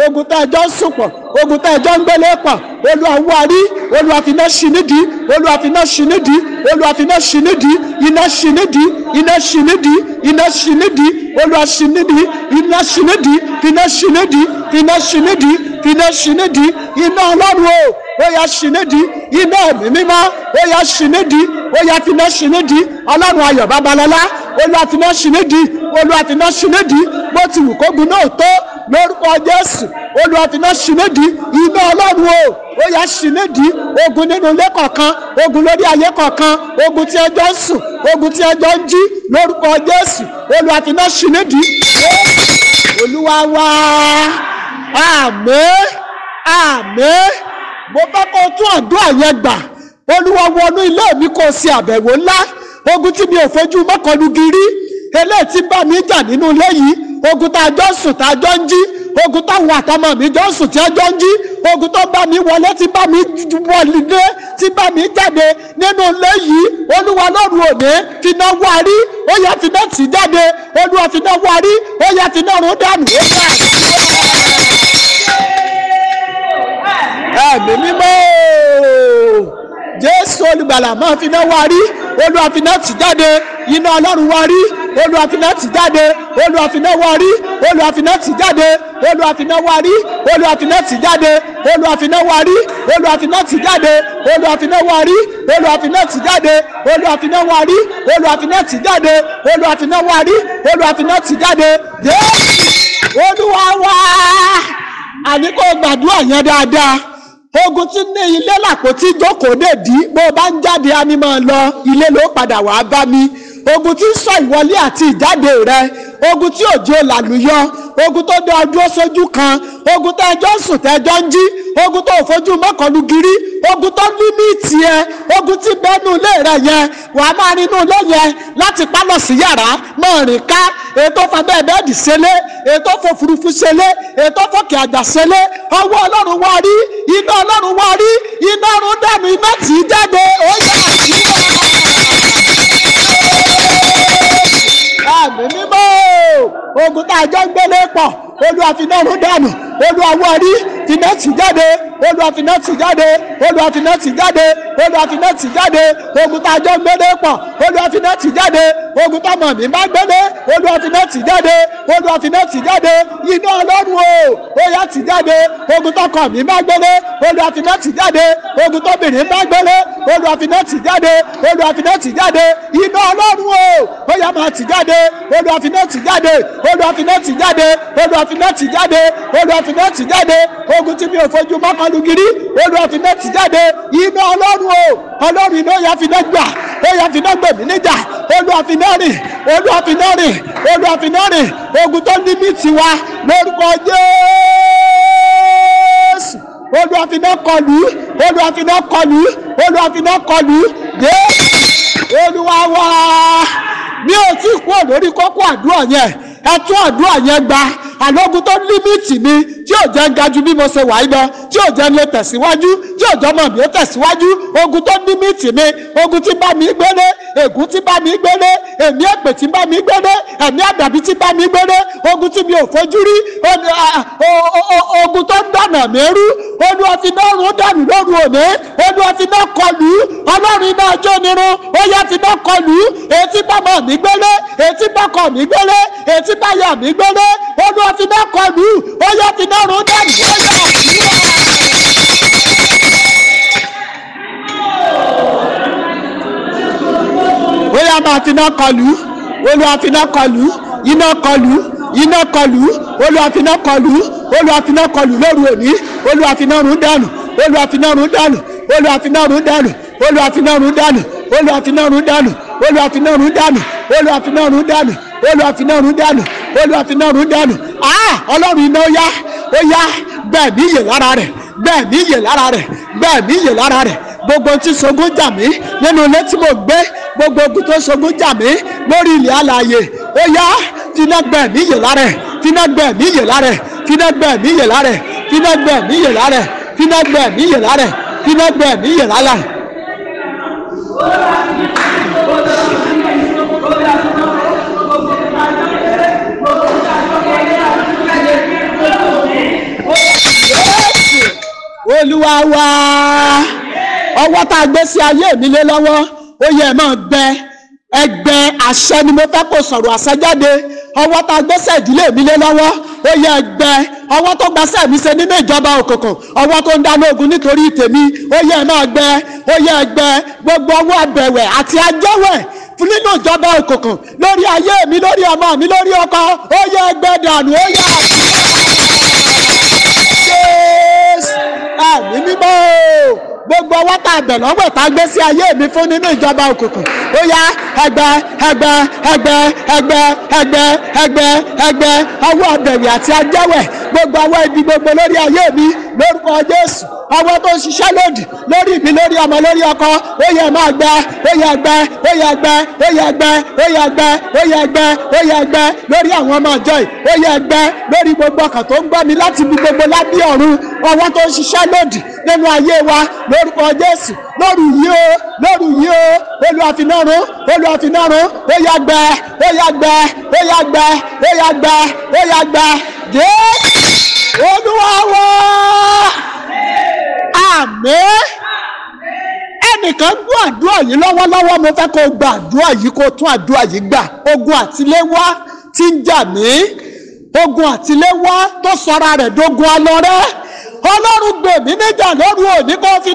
o ogun tá a jọ ń sùn pọ̀ ogun tá a jọ ń gbélé pọ̀ olúwa wá rí olúwa finá sí nídìí olúwa finá sí nídìí olúwa finá sí nídìí iná sí nídìí iná sí nídìí iná sí nídìí olúwa sí nídìí iná sí nídìí finá sí nídìí finá sí nídìí finá sí nídìí iná ọlọ́run o ó yá ṣì nídìí iná ẹ̀mí mímọ́ ó yá ṣì nídìí ó yá finá ṣì nídìí ọlọ́run ayọ̀ babalọ́lá olúwa finá ṣì nídìí olúwa finá ṣì nídìí bó ti wù kó gbiná ò tó lórúkọ jésù olúwa finá ṣì nídìí iná ọlọ́run o ó yá ṣì nídìí ogun nínú ilé kọ̀ọ̀kan ogun lórí ayé kọ̀ọ̀kan ogun tí ẹjọ́ ń sùn ogun tí ẹjọ́ ń jí lórúkọ jésù olúwa finá ṣì nídìí olúwa wá àmín àmín mo bá kó tún àdúrà yẹn gbà olúwa wọnú ilé mi kó ṣe àbẹ̀wò ńlá ogun tí mi ò fojú mọ́kànlú gírí eléyìí tí bá mi jà nínú ilé yìí ogun tá a jọ sùn tá a jọ ń jí ogun táwọn àtọmọ mi jọ sùn tí a jọ ń jí ogun tó bá mi wọlé tí bá mi wọlé tí bá mi jáde nínú ilé yìí olúwa lọ́rùn òní finá wárí ó yá finá tì jáde olúwa finá wárí ó yá finá rún dànù ẹ̀mí mímọ́ jésù olùgbàlà máa fi náà wá rí olúwa fi náà tì jáde iná ọlọ́run wá rí olúwa fi náà tì jáde olúwa fi náà wá rí olúwa fi náà tì jáde olúwa fi náà wá rí olúwa fi náà tì jáde olúwa fi náà wá rí olúwa fi náà tì jáde olúwa fi náà wá rí olúwa fi náà tì jáde olúwa fi náà wá rí olúwa fi náà tì jáde olúwa wá rí olúwa jáde jésù olúwa wá gbàdúrà yẹn dáadáa ogun tí ní ilé làpótí jókòó dè dí bó o bá ń jáde á ní máa lọ ilé ló padà wàá bá mi ogun tí ń sọ ìwọlé àti ìjáde rẹ ogun tí òjò làlùyọ ogun tó dé ọdún sójú kan ogun tó ẹjọ́ ń sùn tẹ́jọ́ ń jí ogun tó fojú mọ́kànlú gírí ogun tó límìtì ẹ ogun tí bẹ́nu ilé rẹ yẹn wà á máa rin inú ilé yẹn láti pálọ̀ sí yàrá máa rìn ká ètò fàbẹ́ bẹ́ẹ̀dì ṣẹlẹ̀ ètò fòfurufú ṣẹlẹ̀ ètò fòkè àgbà ṣẹlẹ̀ ọwọ́ ọlọ́run wá rí iná ọlọ́run wá rí iná ọ̀run dànù iná tì í jáde ó yà á sí ẹ̀mí mímọ́ ogun tá a jọ ń gbélé pọ̀ olúwa fi náà rún dànù olúwa wọ́n rí finẹ́tì jáde Olúwa finẹ́tì jáde Olúwa finẹ́tì jáde Olúwa finẹ́tì jáde ogun tá a jọ gbélé pọ̀ Olúwa finẹ́tì jáde ogun tá a mọ̀ mí bá gbélé Olúwa finẹ́tì jáde Olúwa finẹ́tì jáde iná Ọlọ́run o ó yá tì jáde ogun tó kọ̀ mí bá gbélé Olúwa finẹ́tì jáde ogun tó bìnrin bá gbélé Olúwa finẹ́tì jáde Olúwa finẹ́tì jáde iná Ọlọ́run o ó yá máa tì jáde Olúwa finẹ́tì jáde Olúwa finẹ́tì jáde Olúwa finẹ́tì jáde Olúwa finẹ́tì jáde ológun tí mi ò fojú mọ́kànlú gírí olùwà fìdá ti jáde iná ọlọ́run o ọlọ́run iná ìyá fìdá gbà ìyá fìdá gbèmí níjà olùwà fìdá rìn olùwà fìdá rìn olùwà fìdá rìn ogun tó ní mí tiwa lórúkọ Jésù olùwà fìdá kọlù olùwà fìdá kọlù olùwà fìdá kọlù Jésù olùwà wá mi ò tí kú lórí kókó àdúrà yẹn ẹ tún àdúrà yẹn gba àlọ́gun tó límìtì mi tí ò jẹ́ ń ga ju bí mo ṣe wà yí lọ tí ò jẹ́ ń lè tẹ̀síwájú tí ò jọmọ mi ó tẹ̀síwájú ogun tó límìtì mi ogun tí bá mi gbélé ègún tí bá mi gbélé ẹ̀mí èpè ti bá mi gbélé ẹ̀mí àdàbí tí bá mi gbélé ogun tí mi ò fojú rí ogun tó ń dànà mi rú Olúwa ti náà rún dànù lóru òní Olúwa ti náà kọlù ọlọ́run iná ọjọ́ nírun ó yá ti náà kọlù èyí tí bá mọ̀ mí gbélé èyí bá kọ̀ mí gbélé èyí etí táyà mi gbélé olú ọtí náà kọlù ó yọ ti náà rún dẹ́nu ó yọ àdúrà. bóyá máa ti náà kọlù olú ọtí náà kọlù iná kọlù iná kọlù olú ọtí náà kọlù olú ọtí náà kọlù lóru òní olú ọtí náà rún dẹ́nu olú ọtí náà rún dẹ́nu olú ọtí náà rún dẹ́nu olú ọtí náà rún dẹ́nu olú ọtí náà rún dẹ́nu olú ọtí náà rún dẹ́nu olú ọtí náà rún dẹ́nu olúwa fi náà rún dànù olúwa fi náà rún dànù ah ọlọ́run iná ó yá ó yá bẹ́ẹ̀ mi yè lára rẹ̀ bẹ́ẹ̀ mi yè lára rẹ̀ bẹ́ẹ̀ mi yè lára rẹ̀ gbogbo tí sogún jà mí nínú ilé tí mo gbé gbogbo ogun tó sogún jà mí lórí ilẹ̀ alààyè ó yá tiná gbẹ̀ẹ́ mi yè lára rẹ̀ tiná gbẹ̀ẹ́ mi yè lára rẹ̀ tiná gbẹ̀ẹ́ mi yè lára rẹ̀ tiná gbẹ̀ẹ́ mi yè lára rẹ̀ tiná gbẹ̀ẹ́ mi yè lára rẹ̀ tiná gbẹ̀ẹ́ mi yè lára rẹ̀. olúwa wa ọwọ́ tá a gbé sí ayé mi lé lọ́wọ́ ó yẹ ẹ̀ máa gbẹ ẹgbẹ́ àṣẹ ni mo fẹ́ kó sọ̀rọ̀ àṣẹ jáde ọwọ́ tá a gbé sí ìdílé mi lé lọ́wọ́ ó yẹ ẹgbẹ́ ọwọ́ tó gba sẹ́ẹ̀mí ṣe nínú ìjọba òkùnkùn ọwọ́ tó ń dáná ogun nítorí tèmi ó yẹ ẹ̀ máa gbẹ ó yẹ ẹgbẹ́ gbogbo ọwọ́ abẹ̀wẹ̀ àti ajẹ́wẹ̀ nínú ìjọba òkùnkùn lórí ayé mi lórí ọmọ mi lórí ọkọ ó yẹ ẹgbẹ́ dànù ó yẹ àti. gbogbo ọwọ́ tá a bẹ̀ lọ́wọ́ tá a gbé sí ayé mi fún nínú ìjọba òkùnkùn ó yá ẹgbẹ́ ẹgbẹ́ ẹgbẹ́ ẹgbẹ́ ẹgbẹ́ ẹgbẹ́ ẹgbẹ́ ọwọ́ ọbẹ̀wì àti ajẹ́wẹ̀ gbogbo àwọn ibi gbogbo lórí ayé mi lórúkọ Jésù àwọn tó ń ṣiṣẹ́ lòdì lórí ìbí lórí ọmọ lórí ọkọ ó yẹ máa gbẹ ó yẹ gbẹ ó yẹ gbẹ ó yẹ gbẹ ó yẹ gbẹ ó yẹ gbẹ ó yẹ gbẹ lórí àwọn ọmọ àjọ yìí ó yẹ gbẹ lórí gbogbo ọkàn tó ń gbọ́ mi láti ibi gbogbo lábí ọ̀run àwọn tó ń ṣiṣẹ́ lòdì nínú ayé wa lórúkọ Jésù lóru yìí o lóru yìí o olùwàfinárun olùwàfinárun ó gbẹ ó gbẹ ó gbẹ ó gbẹ ó gbẹ. jẹ́ olúwa wa àmín ẹnìkan gbọ́ àdúrà yìí lọ́wọ́lọ́wọ́ mo fẹ́ kó gba àdúrà yìí kó tún àdúrà yìí gbà ogun àtiléwá tí ń jà mí ogun àtiléwá tó sọra rẹ̀ dogun alọ́rẹ́ ọlọ́run gbè mí níjà lóru òní kó fi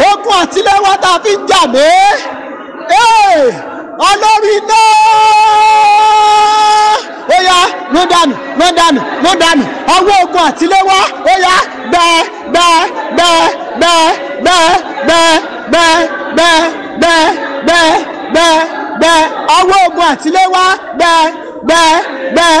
okun àtìlẹ́wọ́ tá a fi ń jà mí ọlọ́run iná ó yá mú dànù mú dànù mú dànù ọwọ́ ogun àtìlẹ́wọ́ ó yá bẹ́ẹ̀ bẹ́ẹ̀ bẹ́ẹ̀ bẹ́ẹ̀ bẹ́ẹ̀ bẹ́ẹ̀ bẹ́ẹ̀ bẹ́ẹ̀ bẹ́ẹ̀ bẹ́ẹ̀ bẹ́ẹ̀ bẹ́ẹ̀ ọwọ́ ogun àtìlẹ́wọ́ bẹ́ẹ̀ bẹ́ẹ̀ bẹ́ẹ̀.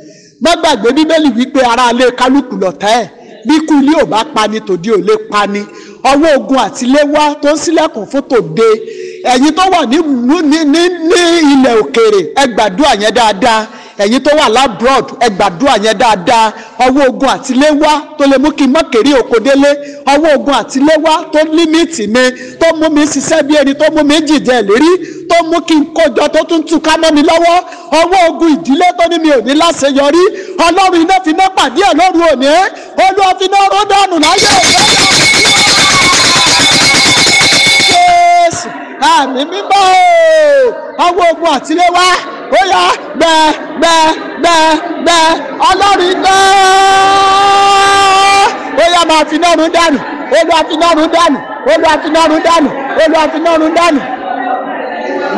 má gbàgbé bíbélì wípé ara ilé kálukú lọ̀tá ẹ̀ bí ikú ilé ò bá pani tòde ò lè pani ọwọ́ ogun àtiléwá tó ń sílẹ̀kùn fún tòde ẹ̀yin tó wà ní ilẹ̀ òkèèrè ẹ gbàdúrà yẹn dáadáa ẹ̀yin tó wà lábroad ẹ gbàdúrà yẹn dáadáa ọwọ́ ogun àtiléwá tó lè mú kí n má kéré oko délé ọwọ́ ogun àtiléwá tó límìtì mi tó mú mi ṣiṣẹ́ bí ẹni tó mú mi jìjẹ lérí tó mú kí n kójọ tó tún tú ká mọ́ mi lọ́wọ́ ọwọ́ ogun ìdílé tó ní mi ò ní láṣeyọrí ọlọ́run iná fi ná pàdé ẹ̀ lóru òní olúwa fi ná rọ́dánù láyé òní ọ̀la àmì mímọ́ ọwọ́ ogun àtiléwá ó yá gbẹ gbẹ gbẹ gbẹ ọlọ́run iná ó yá máa fi náà rún dànù olú àfinárun dànù olú àfinárun dànù olú àfinárun dànù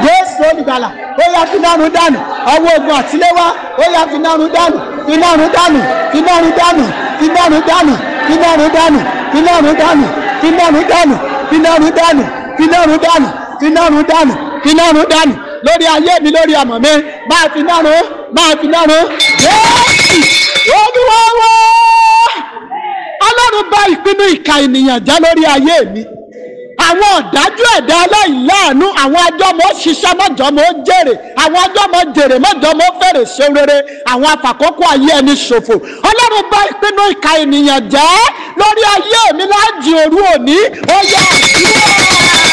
Jésù olùgbàlà ó yá finárun dànù ọwọ́ ogun àtiléwá ó yá finárun dànù finárun dànù finárun dànù finárun dànù finárun dànù finárun dànù finárun dànù finárun dànù finárun dànù iná run dànù iná run dànù lórí ayé mi lórí ọmọ mi máa fi iná run máa fi iná run yéèsì olúwa wá ọlọ́run bá ìpinnu ìka ènìyàn jẹ́ lórí ayé mi àwọn ọ̀dájú ẹ̀dá aláìláàánú àwọn ajọ́mọ́ ṣiṣẹ́ mọ́jọ́mọ́ jèrè àwọn ajọ́mọ́ jèrè mọ́jọ́mọ́ fèrè ṣe rere àwọn afàkókò ayé ẹni ṣòfò ọlọ́run bá ìpinnu ìka ènìyàn jẹ́ lórí ayé mi láàjì òru òní ó yá àdúrà.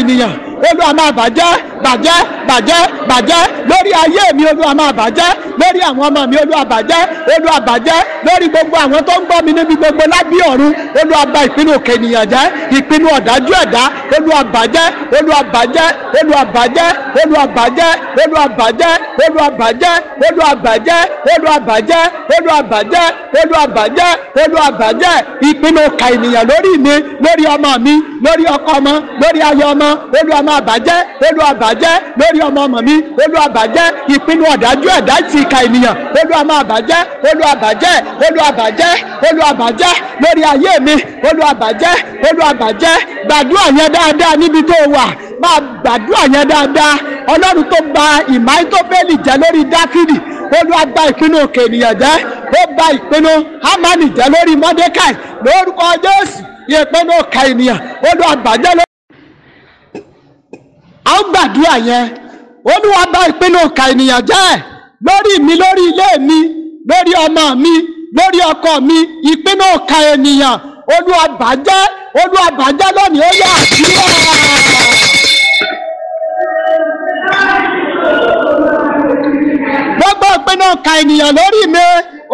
ènìyàn olúwa máa bàjẹ́ bàjẹ́ bàjẹ́ bàjẹ́ lórí ayé mi olúwa máa bàjẹ́ lórí àwọn ọmọ mi olúwa bàjẹ́ olúwa bàjẹ́ lórí gbogbo àwọn tó ń gbọ́ mi níbi gbogbo lábí ọ̀run olúwa bà ìpinnu òkè ènìyàn jẹ́ ìpinnu ọ̀dájú ẹ̀dá olùwàbàjẹ́ olùwàbàjẹ́ olùwàbàjẹ́ olùwàbàjẹ́ olùwàbàjẹ́ olùwàbàjẹ́ olùwàbàjẹ́ olùwàbàjẹ́ olùwàbàjẹ́ olùwàbàjẹ́ olùwàbàjẹ́ ìpinnu ka ènìyàn lórí mi lórí ọmọ mi lórí ọkọ ọmọ lórí ayọ̀ ọmọ olùwàmàbàjẹ́ olùwàbàjẹ́ lórí ọmọ ọmọ mi olùwàbàjẹ́ ìpinnu ọ̀dájú ẹ̀dá ti ka ènìyàn olùwàmàbàjẹ́ olùwàbàjẹ́ olùwàbàjẹ́ olùwàbàjẹ́ lórí ayé mi olùwàbàjẹ́ olùwàbàjẹ́ bàjẹ́ gbàdúrà yẹn dáadáa níbi tó wà máa gbàdúrà yẹn dáadáa ọlọ́run tó gba ìmáìtóbélì jẹ́ lórí dákìrì olúwa gba ìpinnu òkè ènìyàn jẹ́ ó gba ìpinnu hamani jẹ́ lórí mọ́dékàì lórúkọ jésù ìpinnu òkè ènìyàn olúwa bàjẹ́ lórí. a ń gbàdúrà yẹn olúwa gba ìpinnu òkè ènìyàn jẹ́ lórí mi lórí ilé mi lórí ọmọ mi lórí ọkọ mi ìpinnu òkè ènìyàn olúwa bàjẹ́ olúwa bàjẹ́ lónìí ó yà sílẹ̀. gbogbo ìpinnu ọkà ènìyàn lórí mi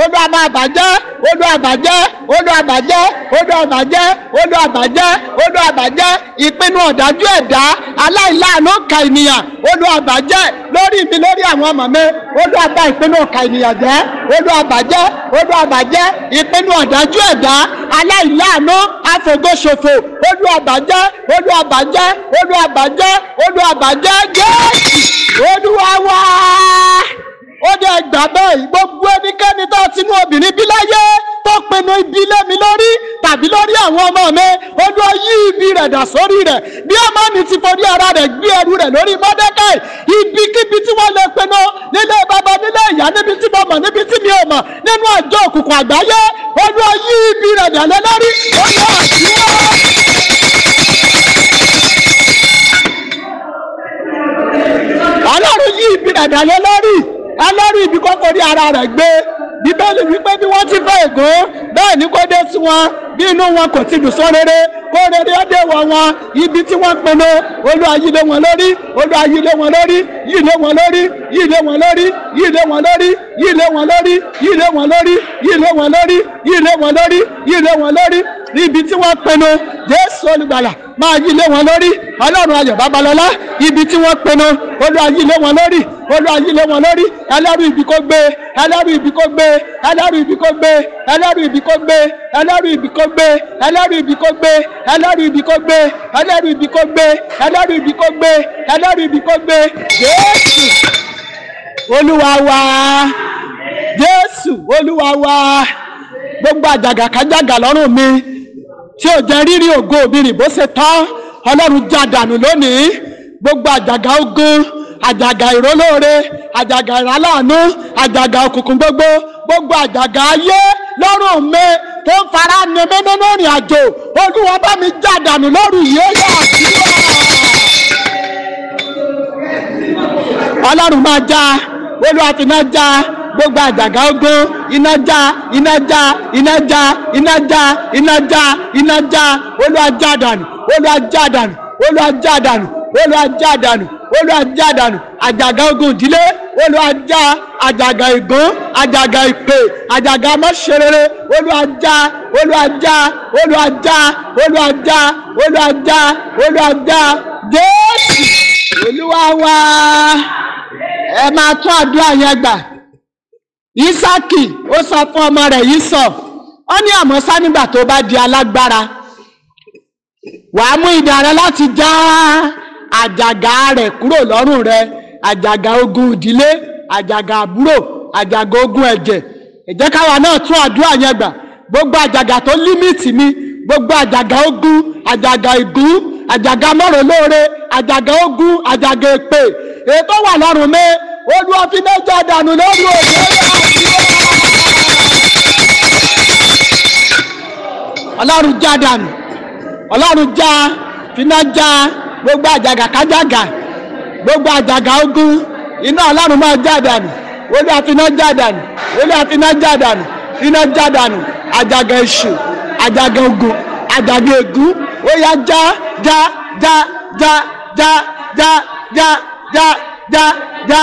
olú àbàjẹ́ olú àbàjẹ́ olú àbàjẹ́ olú àbàjẹ́ olú àbàjẹ́ olú àbàjẹ́ ìpinnu ọ̀dájú ẹ̀dá aláìláàánú ọ̀ka ènìyàn olú àbàjẹ́ lórí mi lórí àwọn ọmọ mi olú àbá ìpinnu ọ̀ka ènìyàn jẹ́ olú àbàjẹ́ olú àbàjẹ́ ìpinnu ọ̀dájú ẹ̀dá aláìláàánú àfògóṣòfò olú àbàjẹ́ olú àbàjẹ́ olú àbàjẹ́ olú àbàjẹ́ jẹ́ olúwa wá ó dé gbà tàbí lórí àwọn ọmọ mi olúwa yí ibi rẹ̀ dà sórí rẹ̀ bí ọmọ mi ti forí ara rẹ̀ gbé ẹrù rẹ̀ lórí mọ́dẹ́kẹ́ ibikíbi tí wọ́n lè pinnu nílé bàbá nílé ìyá níbi tí mo mọ̀ níbi tí mi ò mọ̀ nínú àjọ òkùnkùn àgbáyé olúwa yí ibi rẹ̀ dà lé lórí olúwa yí ọlọ́run yí ibi rẹ̀ dà lé lórí ẹlẹ́rìí ibi kọ́kọ́ rí ara rẹ̀ gbé bíbélì wípé bí wọ́n ti fẹ́ ègún bẹ́ẹ̀ ni kó dé sí wọn bí inú wọn kò ti dùn sọ rere kó rere ó dé wọ̀ wọn ibi tí wọ́n pinnu Olúwa yí lé wọn lórí Olúwa yí lé wọn lórí yí lé wọn lórí yí lé wọn lórí yí lé wọn lórí yí lé wọn lórí yí lé wọn lórí yí lé wọn lórí yí lé wọn lórí yí lé wọn lórí níbi tí wọ́n pinnu jésù olùgbàlà máa yí ilé wọn lórí ọlọ́run ayọ̀ babalọ́lá ibi tí wọ́n pinnu olú ayé ilé wọn lórí olú ayé ilé wọn lórí ẹlẹ́rù ibi kó gbé ẹlẹ́rù ibi kó gbé ẹlẹ́rù ibi kó gbé ẹlẹ́rù ibi kó gbé ẹlẹ́rù ibi kó gbé ẹlẹ́rù ibi kó gbé ẹlẹ́rù ibi kó gbé ẹlẹ́rù ibi kó gbé ẹlẹ́rù ibi kó gbé ẹlẹ́rù ibi kó gbé jésù olúwa wa jésù olúwa wa gbogbo àjàgàkájàgà lọ́rùn mi tí ò jẹ́ rírí ògo òbírì bó ṣe tọ́ ọlọ́run já dànù lónìí gbogbo àjàgà ogun àjàgà ìrólóore àjàgà ìráláàánú àjàgà òkùnkùn gbogbo gbogbo àjàgà ayé lọ́rùn mi tó ń fara ni mi nínú ìrìn àjò olúwa bá mi já dànù lóru yìí ó yà sí i. ọlọ́run máa já olúwa ti náà já gbogbo àjàgà ọgbọ́n iná já iná já iná já iná já iná já iná já olùwàjà dànù olùwàjà dànù olùwàjà dànù olùwàjà dànù olùwàjà dànù àjàgà ogun ìdílé olùwàjà àjàgà ìgún àjàgà ìpè àjàgà mọ́ṣẹ́rẹ́rẹ́ olùwàjà olùwàjà olùwàjà olùwàjà olùwàjà olùwàjà jésù olúwa wa ẹ máa tún àdúrà yẹn gbà. isaki ó sọ fún ọmọ rẹ̀ yìí sọ ó ní àmọ́ sá nígbà tó bá di alágbára wàá mú idà rẹ láti já àjàgà rẹ̀ kúrò lọ́rùn rẹ̀ àjàgà ogun ìdílé àjàgà àbúrò àjàgà ogun ẹ̀jẹ̀ ẹ jẹ́ káwa náà tún àdúrà yẹn gbà gbogbo àjàgà tó límìtì mi gbogbo àjàgà ogun àjàgà ìgún àjàgà mọ̀rọ̀ mọ́rọ̀lóore àjàgà ogun àjàgà èpè èyí tó wà lọ́rùn mẹ́ẹ́. olúwa fi méjì àdànù lórí òde. ọlọ́run já dànù ọlọ́run já finá já gbogbo àjàgà kájàgà gbogbo àjàgà ogun iná ọlọ́run máa já dànù olú àfiná já dànù olú àfiná já dànù finá já dànù àjàgà èṣù àjàgà ogun àjàgà ègún ó yá já já já já já já já já já já.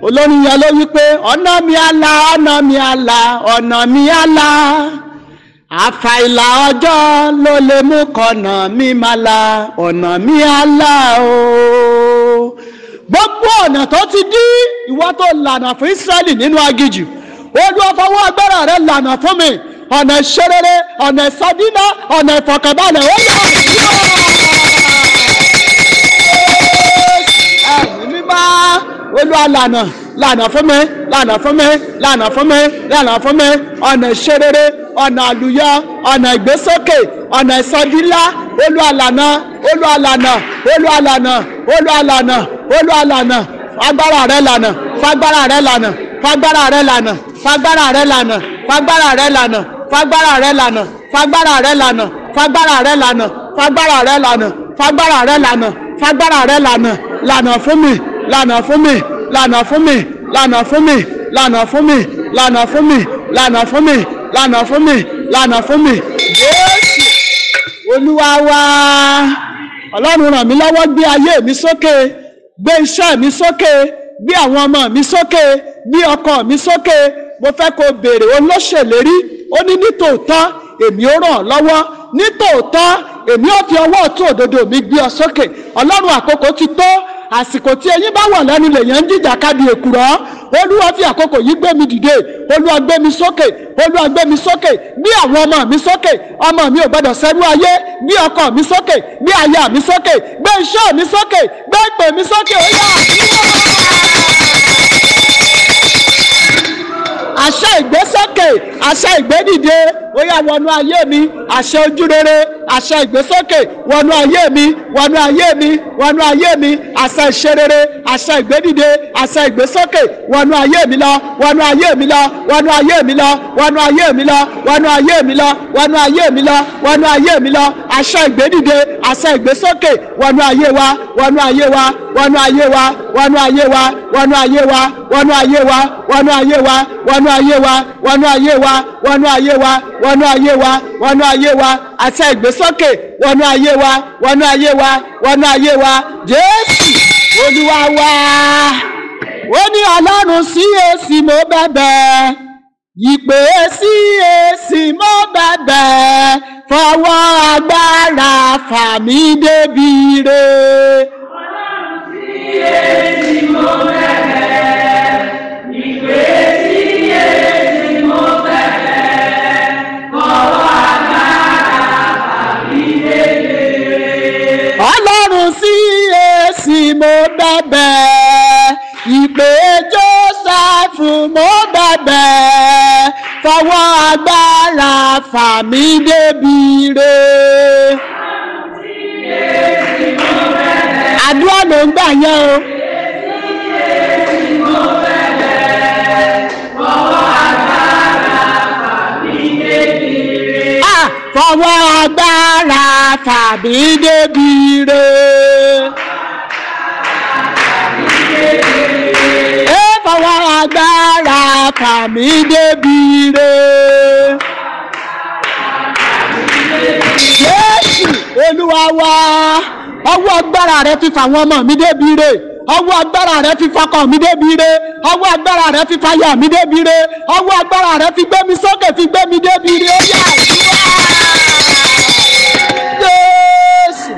olórin yẹn ló wí pé ọ̀nà mi àlà ọ̀nà mi àlà ọ̀nà mi àlà àfàìlà ọjọ́ ló lè mú kọ̀nà mi máa la ọ̀nà mi àlà o gbogbo ọ̀nà tó ti dí ìwọ tó lànà fún Ísírẹ́lì nínú agijù Olúwa fọwọ́ agbára rẹ lànà fún mi ọ̀nà ìṣerere ọ̀nà ìsọdínà ọ̀nà ìfọ̀kànbalẹ̀ ó yà á. ẹ̀mí mímá olúwa lànà lànà fún mi lànà fún mi lànà fún mi lànà fún mi ọ̀nà ìṣerere ọ̀nà àlùyọ ọ̀nà ìgbésókè ọ̀nà ìsọdílá olúwa lànà olúwa lànà olúwa lànà olúwa lànà olúwa lànà fagbára rẹ lànà fagbára rẹ lànà fagbára rẹ lànà fagbára rẹ lànà fagbára rẹ lànà fagbára rẹ lànà fagbára rẹ lànà fagbára rẹ lànà fagbára rẹ lànà fagbára rẹ lànà fagbára rẹ lànà lànà fún mi Lana fún mi Lana fún mi Lana fún mi Lana fún mi Lana fún mi Lana fún mi Lana fún mi Lana fún mi Jésù Olúwa wa Ọlọ́run ràn mí lọ́wọ́ gbé ayé mi sókè gbé iṣẹ́ mi sókè gbé àwọn ọmọ mi sókè gbé ọkọ mi sókè mo fẹ́ kó béèrè olóṣèlérí ó ní nítòótọ́ èmi ó ràn lọ́wọ́ nítòótọ́ èmi ó fi ọwọ́ ọ̀tún òdodo mi gbé ọ sókè Ọlọ́run àkókò ti tó àsìkò tí eyín bá wọ̀ lẹ́nu lèyàn ń jìjà kábi èkùrọ́ olúwa fi àkókò yìí gbé mi dìde olúwa gbé mi sókè olúwa gbé mi sókè gbé àwọn ọmọ mi sókè ọmọ mi ò gbọdọ̀ sẹ́nu ayé gbé ọkọ mi sókè gbé aya mi sókè gbé iṣẹ́ mi sókè gbé ìpè mi sókè ó yá àṣẹ ìgbésókè àṣẹ ìgbédìde ó yá wọnú ayé mi àṣẹ ojúrere àṣẹ ìgbésókè wọnú ayé mi wọnú ayé mi wọnú ayé mi àṣà ìṣerere àṣà ìgbédìde àṣà ìgbésókè wọnú ayé mi lọ wọnú ayé mi lọ wọnú ayé mi lọ wọnú ayé mi lọ wọnú ayé mi lọ wọnú ayé mi lọ wọnú ayé mi lọ àṣà ìgbédìde àṣà ìgbésókè wọnú ayé wa wọnú ayé wa wọnú ayé wa wọnú ayé wa wọnú ayé wa wọnú ayé wa wọnú ayé wa wọnú ayé wa wọnú ayé wa wọnú ayé wa wọnú ayé wa wọnú ayé wa àti ìgbésókè wọnú ayé wa wọnú ayé wa wọnú ayé wa jésù olúwa wa ó ní ọlọ́run CAC mo bẹ̀bẹ̀ ìpè CAC mo bẹ̀bẹ̀ fọwọ́ agbára fàmí débi re. ọlọ́run CAC mo bẹ̀bẹ̀. pé Jósẹ́fù mo bẹ̀bẹ̀ fọwọ́ agbára fà mí débi re. àdúrà ló ń gbà yẹn o. Fọwọ́ agbára fà mí débi re. ọwọ́ agbára kàmí débi re. Jésù Olúwa wa ọwọ́ agbára rẹ fi fà àwọn ọmọ mi débi re ọwọ́ agbára rẹ fi fakọ̀ mi débi re ọwọ́ agbára rẹ fi fayọ̀ mi débi re ọwọ́ agbára rẹ fi gbé mi sókè fi gbé mi débi re ó yà ìdúrà. Jésù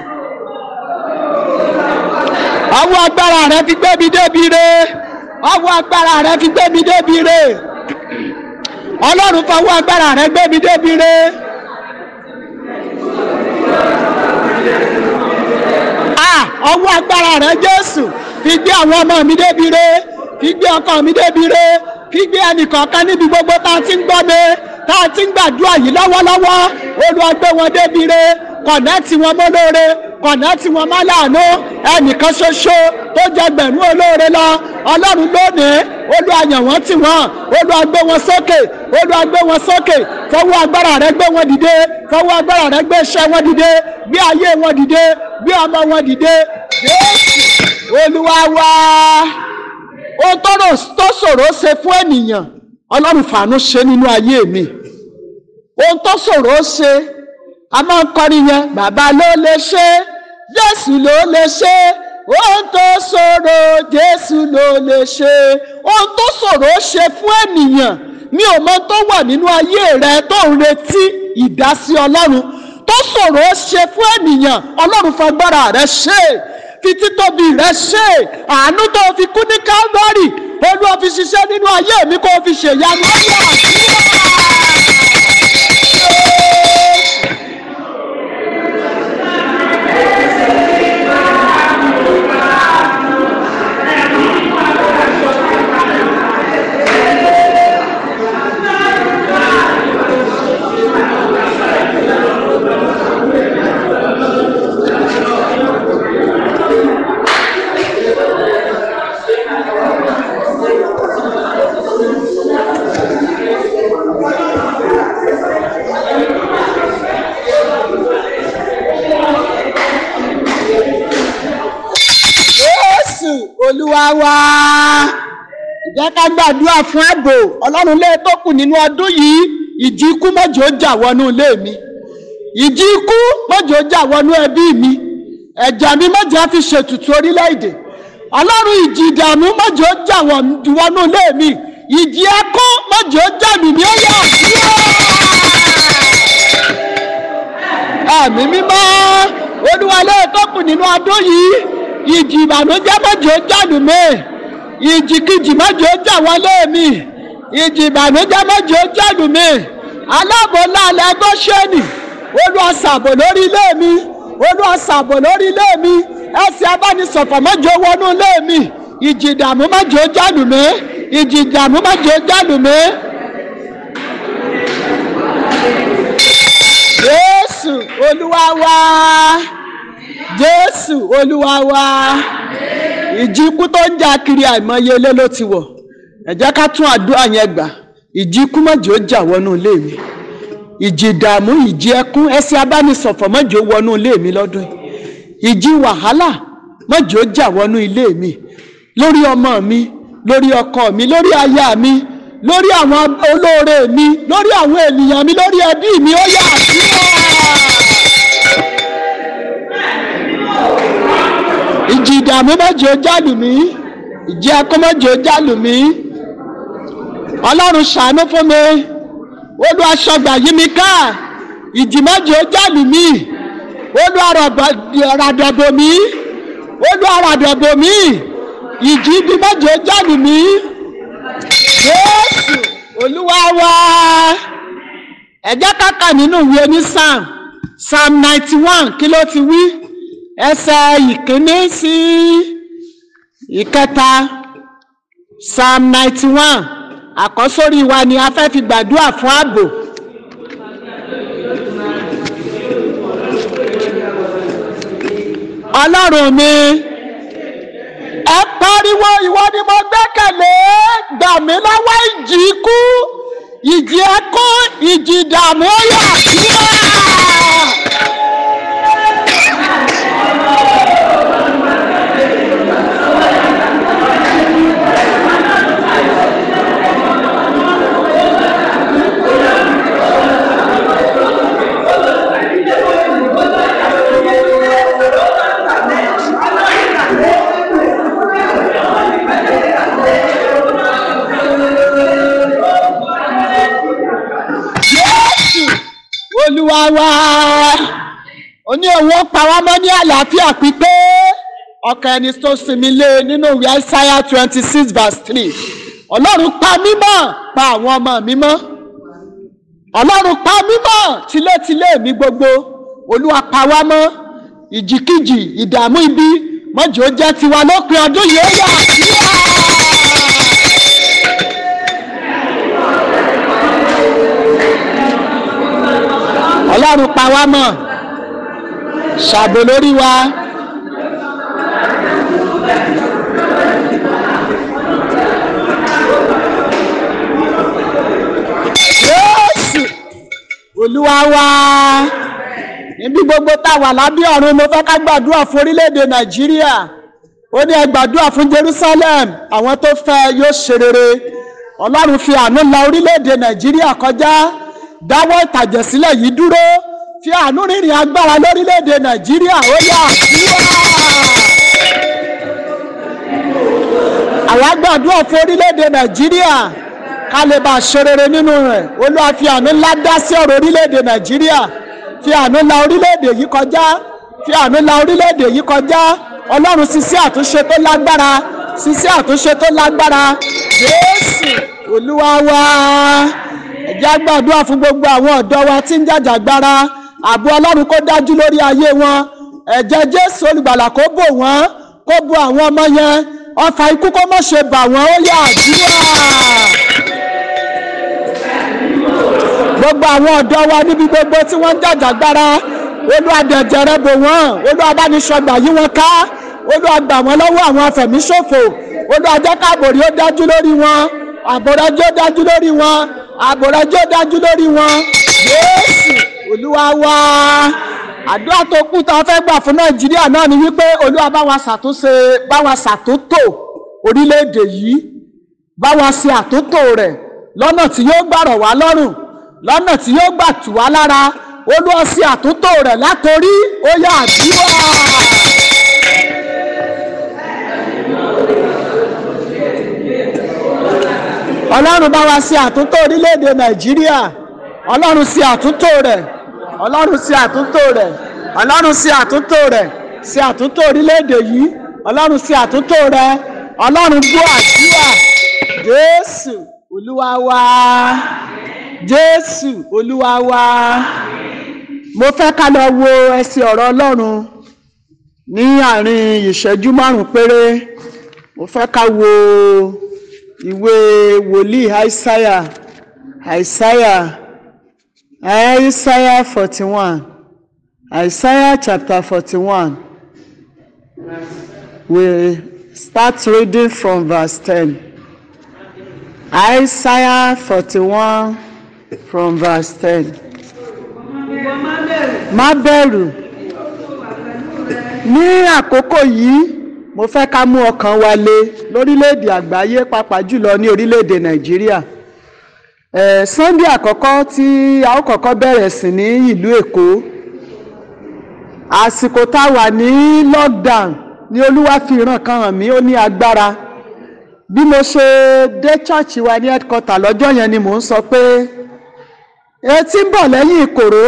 ọwọ́ agbára rẹ fi gbé mi débi re. ọwọ́ agbára rẹ fi gbé mi débi re ọlọ́run fọwọ́ agbára rẹ gbé mi débi re. ọwọ́ agbára rẹ Jésù fi gbé àwọn ọmọ mi débi re fi gbé ọkọ mi débi re fi gbé ẹnìkọ̀ọ̀kan níbi gbogbo tá a ti ń gbọ́ mi tá a ti ń gbàdúrà yìí lọ́wọ́lọ́wọ́ Olúwa wọn débi re kọ̀nẹ́ẹ̀tì wọn mọ́ lóore kọ̀nẹ́ẹ̀tì wọn mọ́ láàánú ẹnìkan ṣoṣo tó jẹgbẹ̀rún olóore lọ ọlọ́run lónìí olú wọn tì wọ́n olú gbé wọn sókè olú gbé wọn sókè fọwọ́ agbára rẹ gbé wọn dìde fọwọ́ agbára rẹ gbé iṣẹ́ wọn dìde bí ayé wọn dìde bí ọmọ wọn dìde jésù olúwa wa ó tọrọ tó ṣòro ṣe fún ènìyàn ọlọ́run fàánú ṣe nínú ayé mi ohun tó sòrò ṣe a máa ń kọrin yẹn bàbá ló lè ṣe jésù ló lè ṣe. ohun tó ṣòro jésù ló lè ṣe ohun tó ṣòro ṣe fún ènìyàn mi ò mọ tó wà nínú ayé rẹ tó ń retí ìdásí ọlọ́run tó ṣòro ṣe fún ènìyàn ọlọ́run fagbára rẹ ṣe fi títóbi rẹ ṣe àánú tó fi kú ní calvary olúwa fi ṣiṣẹ́ nínú ayé mi kó fi ṣèyanu ayé àdúrà. ká gbàdúrà fún ààbò ọlọ́run lé kù nínú ọdún yìí ìjì ikú mọ́jọ́ jà wọnú ilé mi ẹbí mi ẹ̀jẹ̀ mi mọ́jọ́ fi ṣètùtù orílẹ̀-èdè ọlọ́run ìjì ìdààmú mọ́jọ́ jà wọnú ilé mi ìjì mọ́jọ́ jà mí mi ó yà ẹ̀mí mímọ́ olúwa ìjìkìjì mọ́jì ó jà wọlé mi ìjì ìbànújẹ́ mọ́jì ó jẹ̀lù mi aláàbò lálẹ́ gọ́ṣẹ́nì Olúwa ṣàbò lórí ilé mi Olúwa ṣàbò lórí ilé mi ẹsẹ̀ abánisọ̀fọ̀ mọ́jì ó wọnú ilé mi ìjì ìdààmú mọ́jì ó jẹ̀lù mi ìjì ìdààmú mọ́jì ó jẹ̀lù mi. Jésù Olúwa wa Jésù Olúwa wa ìjíkú tó ń jà kiri àìmọye ilé ló ti wọ̀ ẹ jẹ́ ká tún àdúrà yẹn gbà ìjíkú mọ̀jọ́ jà wọnú ilé mi ìjì ìdààmú ìjì ẹkún ẹsẹ̀ abánisọ̀fọ̀ mọ̀jọ́ wọnú ilé mi lọ́dún yìí ìjì wàhálà mọ̀jọ́ jà wọnú ilé mi lórí ọmọ mi lórí ọkọ mi lórí aya mi lórí àwọn olóore mi lórí àwọn ènìyàn mi lórí ẹbí mi ó yà sí wa. ìjì ìdààmú méje ó jálù mí ìjì ẹkún méje ó jálù mí ọlọ́run ṣàánú fún mi olúwa ṣọgbà yí mi ká ìjì méje ó jálù mí olúwa ràdọ̀bò mí olúwa ràdọ̀bò mí ìjì ibi méje ó jálù mí jésù olúwa wá ẹ jẹ́ ká kà nínú ìwé oní psalm ninety one kí ló ti wí ẹsẹ̀ ìkíní sí ìkẹta psalm ninety one àkọ́sórí wa ni a fẹ́ fi gbàdúrà fún ààbò. ọlọ́run mi ẹ pariwo ìwọ ni mo gbẹ́kẹ̀lé gbà mí lọ́wọ́ ìjì ikú ìjì ẹkún ìjì ìdààmú yà kíá olúwa wá ó ní òun pa wá mọ́ ní àlàáfíà pípé ọkàn ẹni tó sinmi lé e nínú ìwé Isaiah twenty six verse three ọlọ́run pa mí mọ́ pa àwọn ọmọ mi mọ́ ọlọ́run pa mí mọ́ tilétilé mi gbogbo olúwa pa wá mọ́ ìjìkìjì ìdààmú ibi mọ́jọ́ jẹ́ tiwa lópin ọdún yìí yà yà. ọlọ́run pa wá mọ́ ṣàbò lórí wa. Jésù Olúwa wa níbi gbogbo tá a wà lábẹ́ ọ̀run mo fẹ́ ká gbàdúrà fún orílẹ̀-èdè Nàìjíríà ó ní ẹ gbàdúrà fún Jerusalem àwọn tó fẹ́ yóò ṣe rere Ọlọ́run fi àánú la orílẹ̀-èdè Nàìjíríà kọjá dáwọ́ ìtàjẹ̀sílẹ̀ yìí dúró fi àánú rìnrìn agbára lórílẹ̀‐èdè nàìjíríà ó yà síwá. àwa gbàdúrà fún orílẹ̀‐èdè nàìjíríà ká lè bá a ṣe rere nínú rẹ̀ olúwa fi àánú ńlá dá sí ọ̀rọ̀ orílẹ̀‐èdè nàìjíríà fi àánú la orílẹ̀‐èdè yìí kọjá fi àánú la orílẹ̀‐èdè yìí kọjá ọlọ́run ṣíṣe àtúnṣe tó lágbára ṣíṣe àtúnṣe tó lágbára jésù olúwa wa ẹ jẹ́ a gbogbo àwọn ọ̀dọ́ wa tí ń jàjàgbara ààbò ọlọ́run kó dájú lórí ayé wọn ẹ̀jẹ̀ jésù olùgbàlà kó bò wọ́n kó bo àwọn ọmọ yẹn ọfà ikú kó má ṣe bà wọ́n ó yá àdúrà. gbogbo àwọn ọ̀dọ́ wa níbi gbogbo tí wọ́n ń jàjàgbara olúwadẹ̀jẹ̀rẹ̀ bò wọ́n olúwabánisọgbà yí wọn ká olúwagbà wọn lọ́wọ́ àwọn afẹ̀míṣòfò olúwajẹ́kàbòrí ó dájú lórí wọn àbòrẹ́jọ́ dájú lórí wọn àbòrẹ́jọ́ dájú lórí wọn yéésù olúwa wá àdúrà tó kù tá a fẹ́ gbà fún nàìjíríà náà ni wípé olúwa bá wa ṣàtúnṣe bá wa ṣàtúntò orílẹ̀-èdè yìí bá wa ṣe àtúntò rẹ̀ lọ́nà tí yóò gbà rọ̀ wá lọ́rùn lọ́nà tí yóò gbà tù wá lára olúwa ṣe àtúntò rẹ̀ látòrí ó yá àdúrà. ọlọ́run bá wa ṣe àtúntò orílẹ̀-èdè nàìjíríà ọlọ́run ṣe àtúntò rẹ̀ ọlọ́run ṣe àtúntò rẹ̀ ọlọ́run ṣe àtúntò rẹ̀ ṣe àtúntò orílẹ̀-èdè yìí ọlọ́run ṣe àtúntò rẹ̀ ọlọ́run gbọ́ àdúrà jésù olúwa wa jésù olúwa wa mo fẹ́ ká lọ wo ẹsẹ̀ ọ̀rọ̀ ọlọ́run ní àárín ìṣẹ́jú márùn-ún péré mo fẹ́ ká wo ìwé wòlíì àìsáyà àìsáyà. Isaiah 41. Isaiah chapter 41. We start reading from verse 10. Isaiah 41 from verse 10. Má bẹ̀rù. Ní àkókò yìí, mo fẹ́ ká mú ọkàn wa le lórílẹ̀-èdè àgbáyé pàápàá jùlọ ní orílẹ̀-èdè Nàìjíríà. Sunday àkọ́kọ́ tí a ó kọ́kọ́ bẹ̀rẹ̀ sí ní ìlú Èkó àsìkò tá a wà ní lockdown ni Olúwa fi ìran kan hàn mí ó ní agbára bí mo ṣe dé church wa ní headquarter lọ́jọ́ yẹn ni mò ń sọ pé etí ń bọ̀ lẹ́yìn ìkòró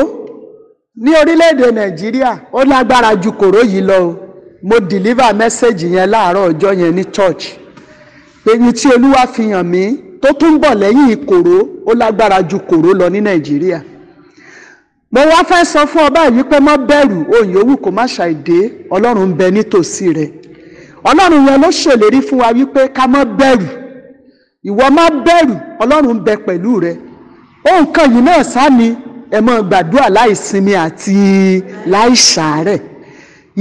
ní orílẹ̀-èdè Nàìjíríà ó lágbára ju kòró yìí lọ mo deliver message yẹn láàárọ̀ ọjọ́ yẹn ní church èyí tí Olúwa fi hàn mí tó tún bọ̀ lẹ́yìn kòró ó lágbára ju kòró lọ ní nàìjíríà mo wá fẹ́ sọ fún ọba yìí pé má bẹ̀rù ohun yòówù kó má ṣàìdé ọlọ́run ń bẹ nítòsí rẹ̀ ọlọ́run yẹn ló ṣèlérí fún wa wípé ká má bẹ̀rù ìwọ má bẹ̀rù ọlọ́run ń bẹ pẹ̀lú ohun kan yìí náà mọ gbàdúrà láìsinmi àti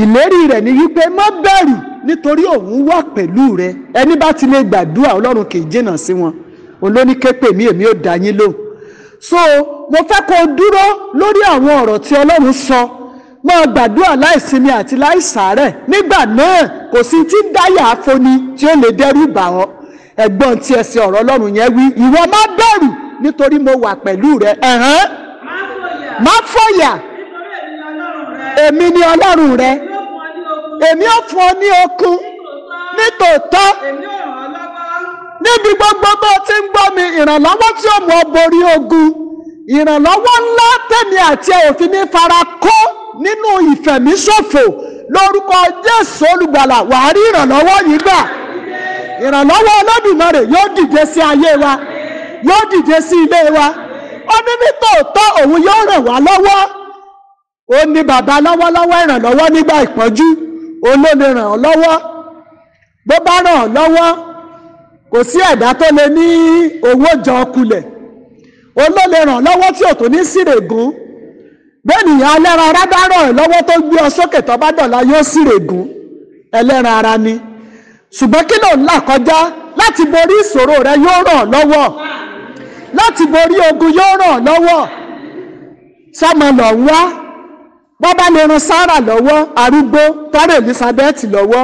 ìlérí rẹ ni wípé nítorí òun wọn. olóníképè mi èmi ò dá yín lóhùn so mo fẹ́ kó o dúró lórí àwọn ọ̀rọ̀ tí ọlọ́run sọ máa gbàdúrà láìsinmi àti láìsàárẹ̀ nígbà náà kò sí tí ń dáyà afoni tí ó lè dẹ́rù bà ọ́ ẹ̀gbọ́n tí ẹsẹ̀ ọ̀rọ̀ ọlọ́run yẹn wí ìwọ má bẹ̀rù nítorí mo wà pẹ̀lú rẹ ẹ̀hán má fọ̀yà èmi ni ọlọ́run rẹ èmi ò fún ọ ní okun nítòótọ́ èmi níbi gbogbo bó ti ń gbọ́ mi ìrànlọ́wọ́ tí ó mú ọ borí ogun ìrànlọ́wọ́ ńlá tèmi àti òfin mi fara kó nínú ìfẹ̀míṣòfò lórúkọ Jésù olùgbàlà wàá rí ìrànlọ́wọ́ yìí gbà ìrànlọ́wọ́ yóò wa yóò dìde sí ilé wa ó ní òun yóò ràn wá lọ́wọ́ ó ní bàbá lọ́wọ́lọ́wọ́ ìrànlọ́wọ́ nígbà ìpọ́njú ràn ọ́ lọ́wọ́ bó bá kò sí ẹ̀dá tó lè ní owó jọ kulẹ̀ olóòlè ràn lọ́wọ́ tí ò tó ní sírègùn bẹ́ẹ̀nìyàn ẹlẹ́ran ara bá ràn ẹ́ lọ́wọ́ tó gbé ọ sókè tó bá dọ̀la yóò sírègùn ẹlẹ́ran ara ni ṣùgbọ́n kí ló ń là kọjá láti borí ìṣòro rẹ yóò ràn lọ́wọ́ láti borí ogun yóò ràn lọ́wọ́ sámọ lọ ń wá bàbá lè ran Sárà lọ́wọ́ arúgbó tọrọ Elizabeth lọ́wọ́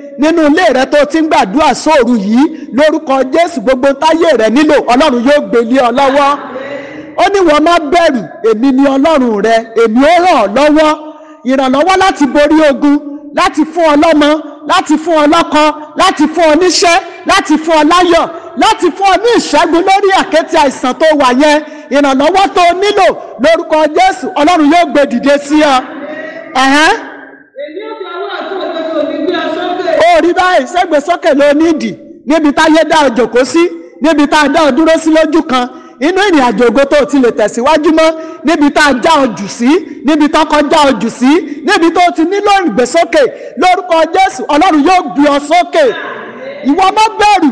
nínú ilé rẹ tó ti ń gbàdúrà sóòru yìí lórúkọ jésù gbogbo táyé rẹ nílò ọlọ́run yóò gbélé ọ lọ́wọ́ ó ní wọn má bẹ̀rù èmi ni ọlọ́run rẹ èmi ó ràn ọ́ lọ́wọ́ ìrànlọ́wọ́ láti borí ogun láti fún ọ lọ́mọ láti fún ọ lọ́kọ láti fún ọ níṣẹ́ láti fún ọ láyọ̀ láti fún ọ ní ìṣẹ́gun lórí àkẹ́tì àìsàn tó wà yẹn ìrànlọ́wọ́ tó nílò lórúkọ jésù ọlọ́run yóò gbé sí ọ. Uh-huh. rí báyìí ṣẹ́gbẹ̀sọ́kẹ̀ ló nídìí níbi táyé dá òjòkó sí níbi tá a dá ọ dúró sí lójú kan inú ìrìn àjò ògo tó ti lè tẹ̀síwájú mọ́ níbi tá a já ọ jù sí níbi tó kọjá ọ jù sí níbi tó ti nílò ìgbésókè lórúkọ Jésù Ọlọ́run yóò gbé ọ sókè ìwọ má bẹ̀rù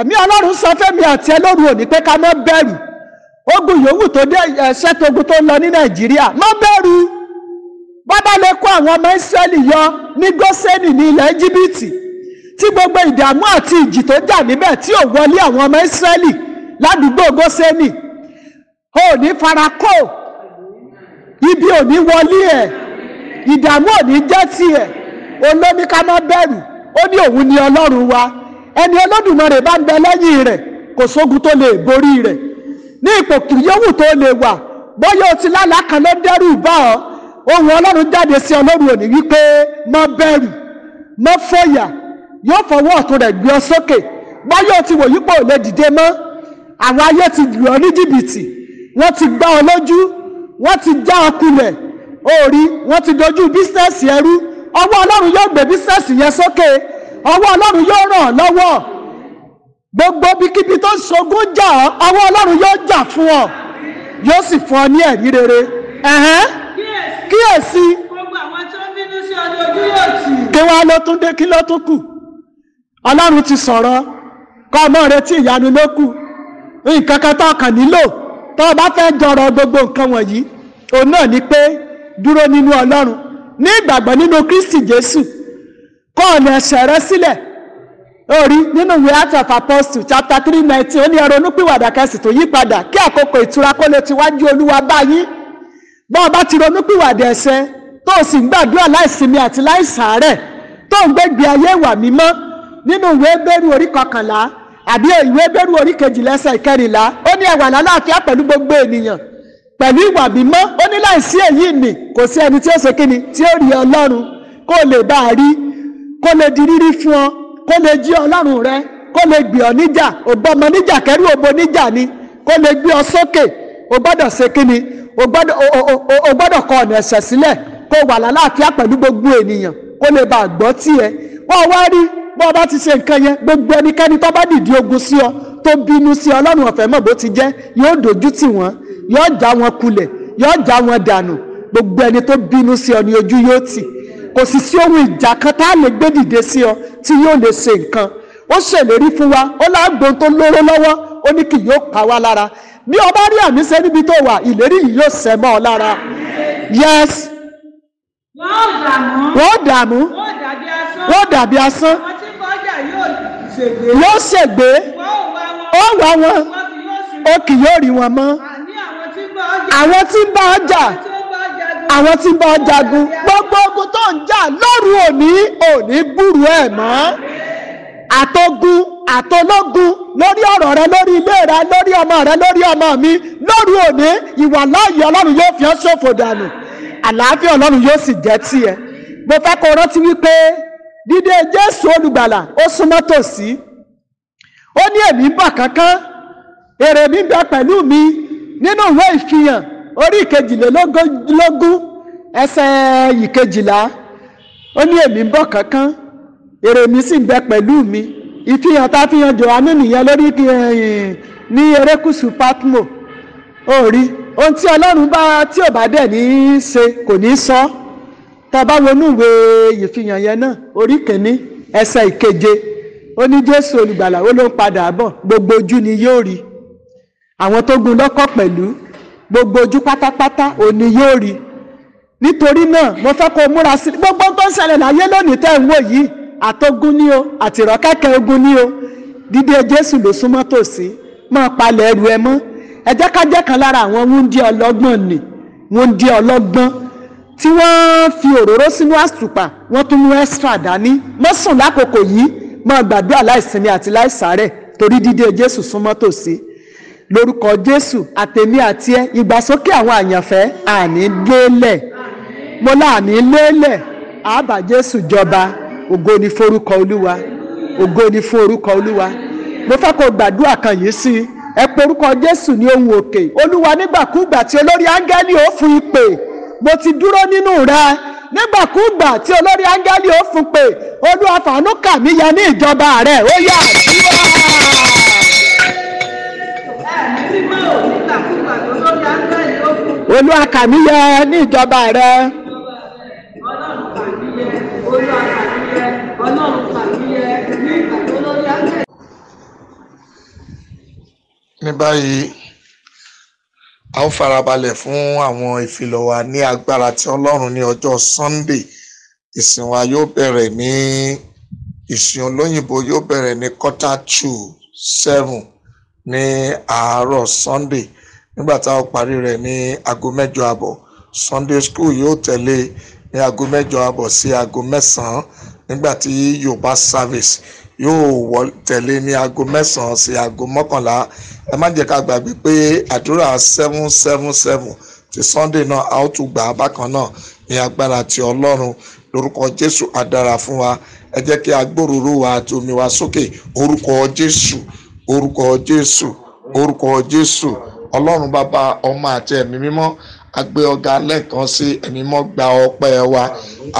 ẹ̀mí Ọlọ́run sọ fẹ́mi àti ẹ lóru òní pé ká má bẹ̀rù ogun yòówù tó dé ẹ̀ṣẹ́ togun tó ń lọ ní Nàìjíríà má bẹ̀rù bá bá lè kó àwọn ọmọ Ísírẹ́lì yọ ní Gósẹ́nì ní ilẹ̀ Íjíbítì tí gbogbo ìdààmú àti ìjì tó jà níbẹ̀ tí ò wọlé àwọn ọmọ Ísírẹ́lì ládùúgbò Gósẹ́nì ò ní farakó ibi ò ní wọlé ẹ̀ ìdààmú ò ní jẹ́ tiẹ̀ olómi ká má bẹ̀rù ó ní òun ni Ọlọ́run wa ẹni Olódùmarè bá ń bẹ lẹ́yìn rẹ̀ kò sógun tó lè borí rẹ̀ ní ipò kìrìyówù tó lè wà bóyá o ti lálàá kan ló dẹ́rù bá ọ ohun ọlọ́run jáde sí ọlọ́run òní wípé má bẹ̀rù má fọ̀yà yóò fọwọ́ ọ̀tún rẹ̀ gbé ọ sókè báyọ̀ ti wò yípo lè dìde mọ́ àwọn ayé ti lù ọ ní jìbìtì wọ́n ti gbá ọ lójú wọ́n ti já ọ kulẹ̀ òòrí wọ́n ti dojú bísínẹ́sì ẹrú ọwọ́ ọlọ́run yóò gbé bísínẹ́sì yẹn sókè ọwọ́ ọlọ́run yóò ràn lọ́wọ́ gbogbo bíkíbi tó ń ṣogún jà ọ ọwọ́ ọlọ́run yóò jà fún ọ yóò sì fún ọ ní ẹ̀rí rere. Uh-huh. kíyèsí. gbogbo àwọn tó ń sí ojú yóò tì. kí wá ló tún dé kí ló tún ti sọ̀rọ̀ kọ́ ọmọ rẹ tí ìyanu ló nílò tó o jọrọ gbogbo nǹkan wọ̀nyí òun náà ni pé dúró nínú ọlọ́run ní ìgbàgbọ́ kristi jésù kọ́ ọ̀nà rẹ sílẹ̀ nínú ìwé of chapter three nineteen ó ní kẹsì tó yí padà kí àkókò ìtura bọ́ ọba ti ronúpìwàdà ẹ̀ṣẹ̀ tó o sì ń gbàdúrà láìsinmi àti láìsàárẹ̀ tó ń gbégbé ayé ìwà mímọ́ nínú ìwé bẹ́rù orí kọkànlá àbí ìwé bẹ́rù orí kejìlá ẹsẹ̀ ìkẹrìnlá ó ní ẹwà lálàáfíà pẹ̀lú gbogbo ènìyàn pẹ̀lú ìwà mímọ́ ó ní láìsí èyí nì kò sí ẹni tí ó ṣe kíni tí ó rí ọlọ́run kó lè bá a rí kó lè di rírí fún ọ kó lè jí ọlọ́run rẹ kó lè gbé ọ níjà òbọmọ níjà kẹrù òbò níjà ni kó lè gbé ọ sókè o gbọ́dọ̀ ṣe kíni o gbọ́dọ̀ kọ ọ̀nà ẹ̀ṣẹ̀ sílẹ̀ kó wà lálàáfíà pẹ̀lú gbogbo ènìyàn kó lè bá gbọ́ tiẹ̀ wọ́n wá rí bọ́ọ̀ bá ti ṣe nǹkan yẹn gbogbo ẹnikẹ́ni tó bá dìde ogun sí ọ tó bínú sí ọlọ́run ọ̀fẹ́ mọ̀ bó ti jẹ́ yóò dojú tì wọ́n yóò já wọn kulẹ̀ yóò já wọn dànù gbogbo ẹni tó bínú sí ọ ní ojú yóò tì kò sì sí ohun ìjà kan tá a lè gbé dìde sí ọ tí yóò lè ṣe nǹkan ó ṣèlérí fún wa ó láàgbọ́n tó lóró lọ́wọ́ ó bí ọba rí àmì ṣe níbi tó wà ìlérí yìí yóò ṣẹ mọ́ ọ lára yes wọ́n dààmú wọ́n dàbí asán yóò ṣègbè ó wá wọn ó kì yóò rí wọn mọ́ àwọn tí ń bá ọ jà àwọn tí ń bá ọ jagun gbogbo ogun tó ń jà lóru òní òní gbúrú ẹ̀ mọ́ àtogun àtológun lórí ọ̀rọ̀ rẹ lórí ilé rẹ lórí ọmọ rẹ lórí ọmọ mi lóru òní ìwà láàyè ọlọ́run yóò fi ọ́ ṣòfò dànù àlàáfíà ọlọ́run yóò sì jẹ́ tiẹ̀ mo fẹ́ kó rántí wípé dídé jésù olùgbàlà ó súnmọ́ tòsí ó ní èmi ń bọ̀ kánkán èrè mi bẹ pẹ̀lú mi nínú ìwé ìfihàn orí ìkejìlélógún ẹsẹ̀ ìkejìlá ó ní èmi ń bọ̀ kankan èrè mi sì ń bẹ pẹ̀lú mi ìfihàn tá a fi hàn Jòhánù nìyẹn lórí ní erékùsù Patmo òòrí ohun tí Ọlọ́run bá tí ò bá dẹ̀ ní í ṣe kò ní í sọ tá a bá wọnú ìwé ìfihàn yẹn náà orí kìíní ẹsẹ̀ ìkeje ó ní Jésù olùgbàlà ó ló ń padà bọ̀ gbogbo ojú ni yóò rí àwọn tó gun lọ́kọ̀ pẹ̀lú gbogbo ojú pátápátá òní yóò rí nítorí náà mo fẹ́ kó múra sí gbogbo tó ń ṣẹlẹ̀ láyé lónìí tẹ́ ń wò yìí àtọ́gún ní o àtìrọ́kẹ́kẹ́ ogun ní o dídé jésù ló súnmọ́ tòsí máa palẹ̀ ẹrù ẹ mọ́ ẹ jẹ́ ká jẹ́ kan lára àwọn wúndí ọlọ́gbọ́n ni wúndí ọlọ́gbọ́n tí wọ́n fi òróró sínú àsùpà wọ́n tún mú extra dání mọ́ sùn lákòókò yìí máa gbàdúrà láìsinmi àti láìsàárẹ̀ torí dídé jésù súnmọ́ tòsí lórúkọ jésù àtèmi àti ẹ ìgbàsókè àwọn àyànfẹ́ àní lélẹ̀ mo láàní lélẹ̀ àbá jésù jọba ògo ni forúkọ olúwa ògo ni fún orúkọ olúwa mo fẹ́ kó gbàdúrà kan yìí sí i ẹ pe orúkọ jésù ní ohun òkè olúwa nígbàkúgbà tí olórí áńgẹ́lì ó fún ìpè mo ti dúró nínú rẹ nígbàkúgbà tí olórí áńgẹ́lì ó fún pè olúwa fàánú kà mí yẹ ní ìjọba rẹ ó yá àdúrà. olúwa kà mí yẹ ní ìjọba rẹ. ní báyìí a ó farabalẹ̀ fún àwọn ìfilọ̀ wa ní agbára ti ọlọ́run ní ọjọ́ sunday ìsìn wa yóò bẹ̀rẹ̀ ní ìsìn olóyìnbó yóò bẹ̀rẹ̀ ní quarter to seven ní àárọ̀ sunday nígbà tá a parí rẹ̀ ní aago mẹ́jọ àbọ̀ sunday school yóò tẹ̀lé ní aago mẹ́jọ àbọ̀ sí aago mẹ́sàn-án nígbà tí yorùbá service yóò wọ tẹ̀lé ní aago mẹ́sàn-án sí aago mọ́kànlá ẹ má jẹ́ ká gbàgbé pé àdúrà seven seven seven ti sunday náà a ó tún gbà á bákan náà ní agbára ti ọlọ́run lórúkọ jésù á fún wa ẹ jẹ́ kí a gbòòrò wa àti omi wa sókè orúkọ jésù orúkọ jésù orúkọ jésù ọlọ́run bàbá ọmọ àti ẹ̀mí mímọ́ agbe ọ̀gá lẹ́ẹ̀kan sí ẹ̀mí mọ́ gba ọpẹ́ wa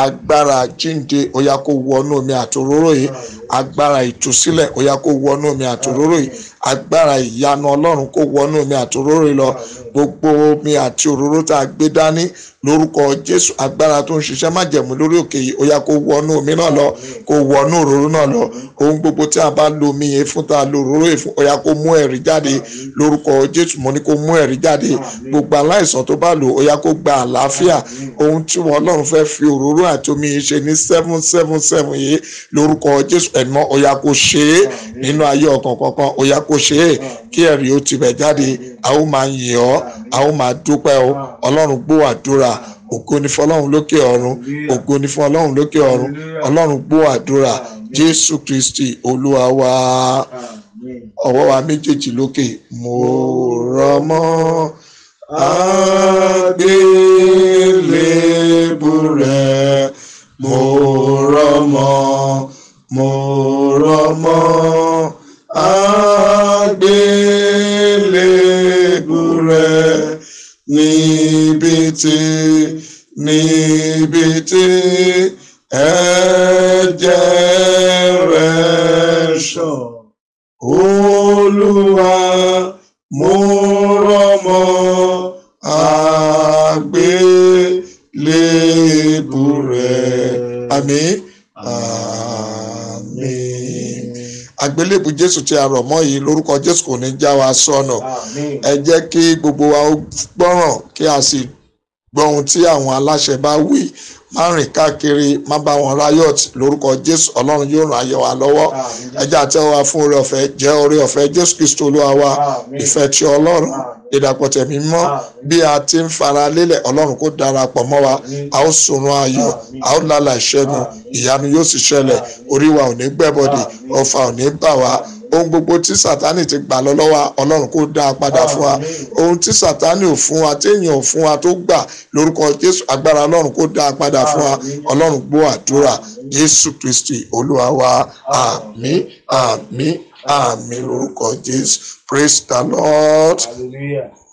agbára jíǹde ó yá kó wọnú omi àtòróró yìí agbára ìtúsílẹ̀ ó yá kó wọnú omi àtòróró yìí agbára ìyanu ọlọ́run kó wọnú omi àtòróró yìí lọ gbogbo omi àti òróró tá a gbé dání lórúkọ jésù agbára tó ń ṣiṣẹ́ májẹ̀mú lórí òkè yìí ó yá kó wọnú omi náà lọ kó wọnú òróró náà lọ ohun gbogbo tí a bá lo omi yẹn fún tá a lo òróró yìí fún ó yá kó mú ẹ̀rí jáde lórúkọ jésù mo ní kó mú ẹ̀rí jáde gbogbo aláìsàn tó bá lò ó yá kó gba àlàáfíà ohun tí wọn ọlọ́run fẹ́ fi òróró àti omi yìí ṣe ní seven seven seven yìí lórúkọ jésù ẹ̀mọ́ ó yá ṣe é nínú ayé ọkàn kankan ó yá ṣe é kí ẹ̀rí ó tibẹ̀ jáde a máa yìn ọ́ a máa dúpẹ́ o ọlọ́run gbọ́ àdúrà ògo ni fún ọlọ́run lókè ọ̀run ògo ni fún ọlọ́run lókè ọ̀run ọlọ́run gbọ́ àdúrà jésù kristi olúwa wa ọwọ́ wa méjèèjì lókè mo rọ̀ mọ́ àgbélébù rẹ̀ mo rọ̀ mọ́ mo rọmọ àgbélébù rẹ níbi tí níbi tí ẹ̀jẹ̀ rẹ ṣàn. àgbélébù jésù tí a rọ̀ mọ́ yìí lórúkọ jésù kò ní já wa sọnù ẹ jẹ́ kí gbogbo wa ó kí a sì gbọ́ tí àwọn aláṣẹ bá wí má rìn káàkiri má bá wọn riot lórúkọ jésù ọlọ́run yóò ràn ayọ̀ wa lọ́wọ́ ẹja àti ọwọ́ fún oore ọ̀fẹ́ jẹ́ oore ọ̀fẹ́ jésù kristu olúwa wa ìfẹ́ ti ọlọ́run ìdàpọ̀ tẹ̀mí mọ́ bí a ti ń fara lélẹ̀ ọlọ́run kó darapọ̀ mọ́ wa a ó sunrun ayọ̀ a ó lálà ìṣẹ́gun ìyanu yóò sì ṣẹlẹ̀ orí wa ò ní gbẹ̀bọ̀dì ọfà ò ní bà wá ohun gbogbo tí sátani ti gbà lọ lọ́wọ́ ọlọ́run kó dáa padà fún wa ohun tí sátani ò fún wa téèyàn ò fún wa tó gbà lórúkọ jésù agbára ọlọ́run kó dáa padà fún wa ọlọ́run gbọ́ àdúrà jésù kristi olúwa wa àmín àmín lórúkọ jésù praise the lord. Hallelujah.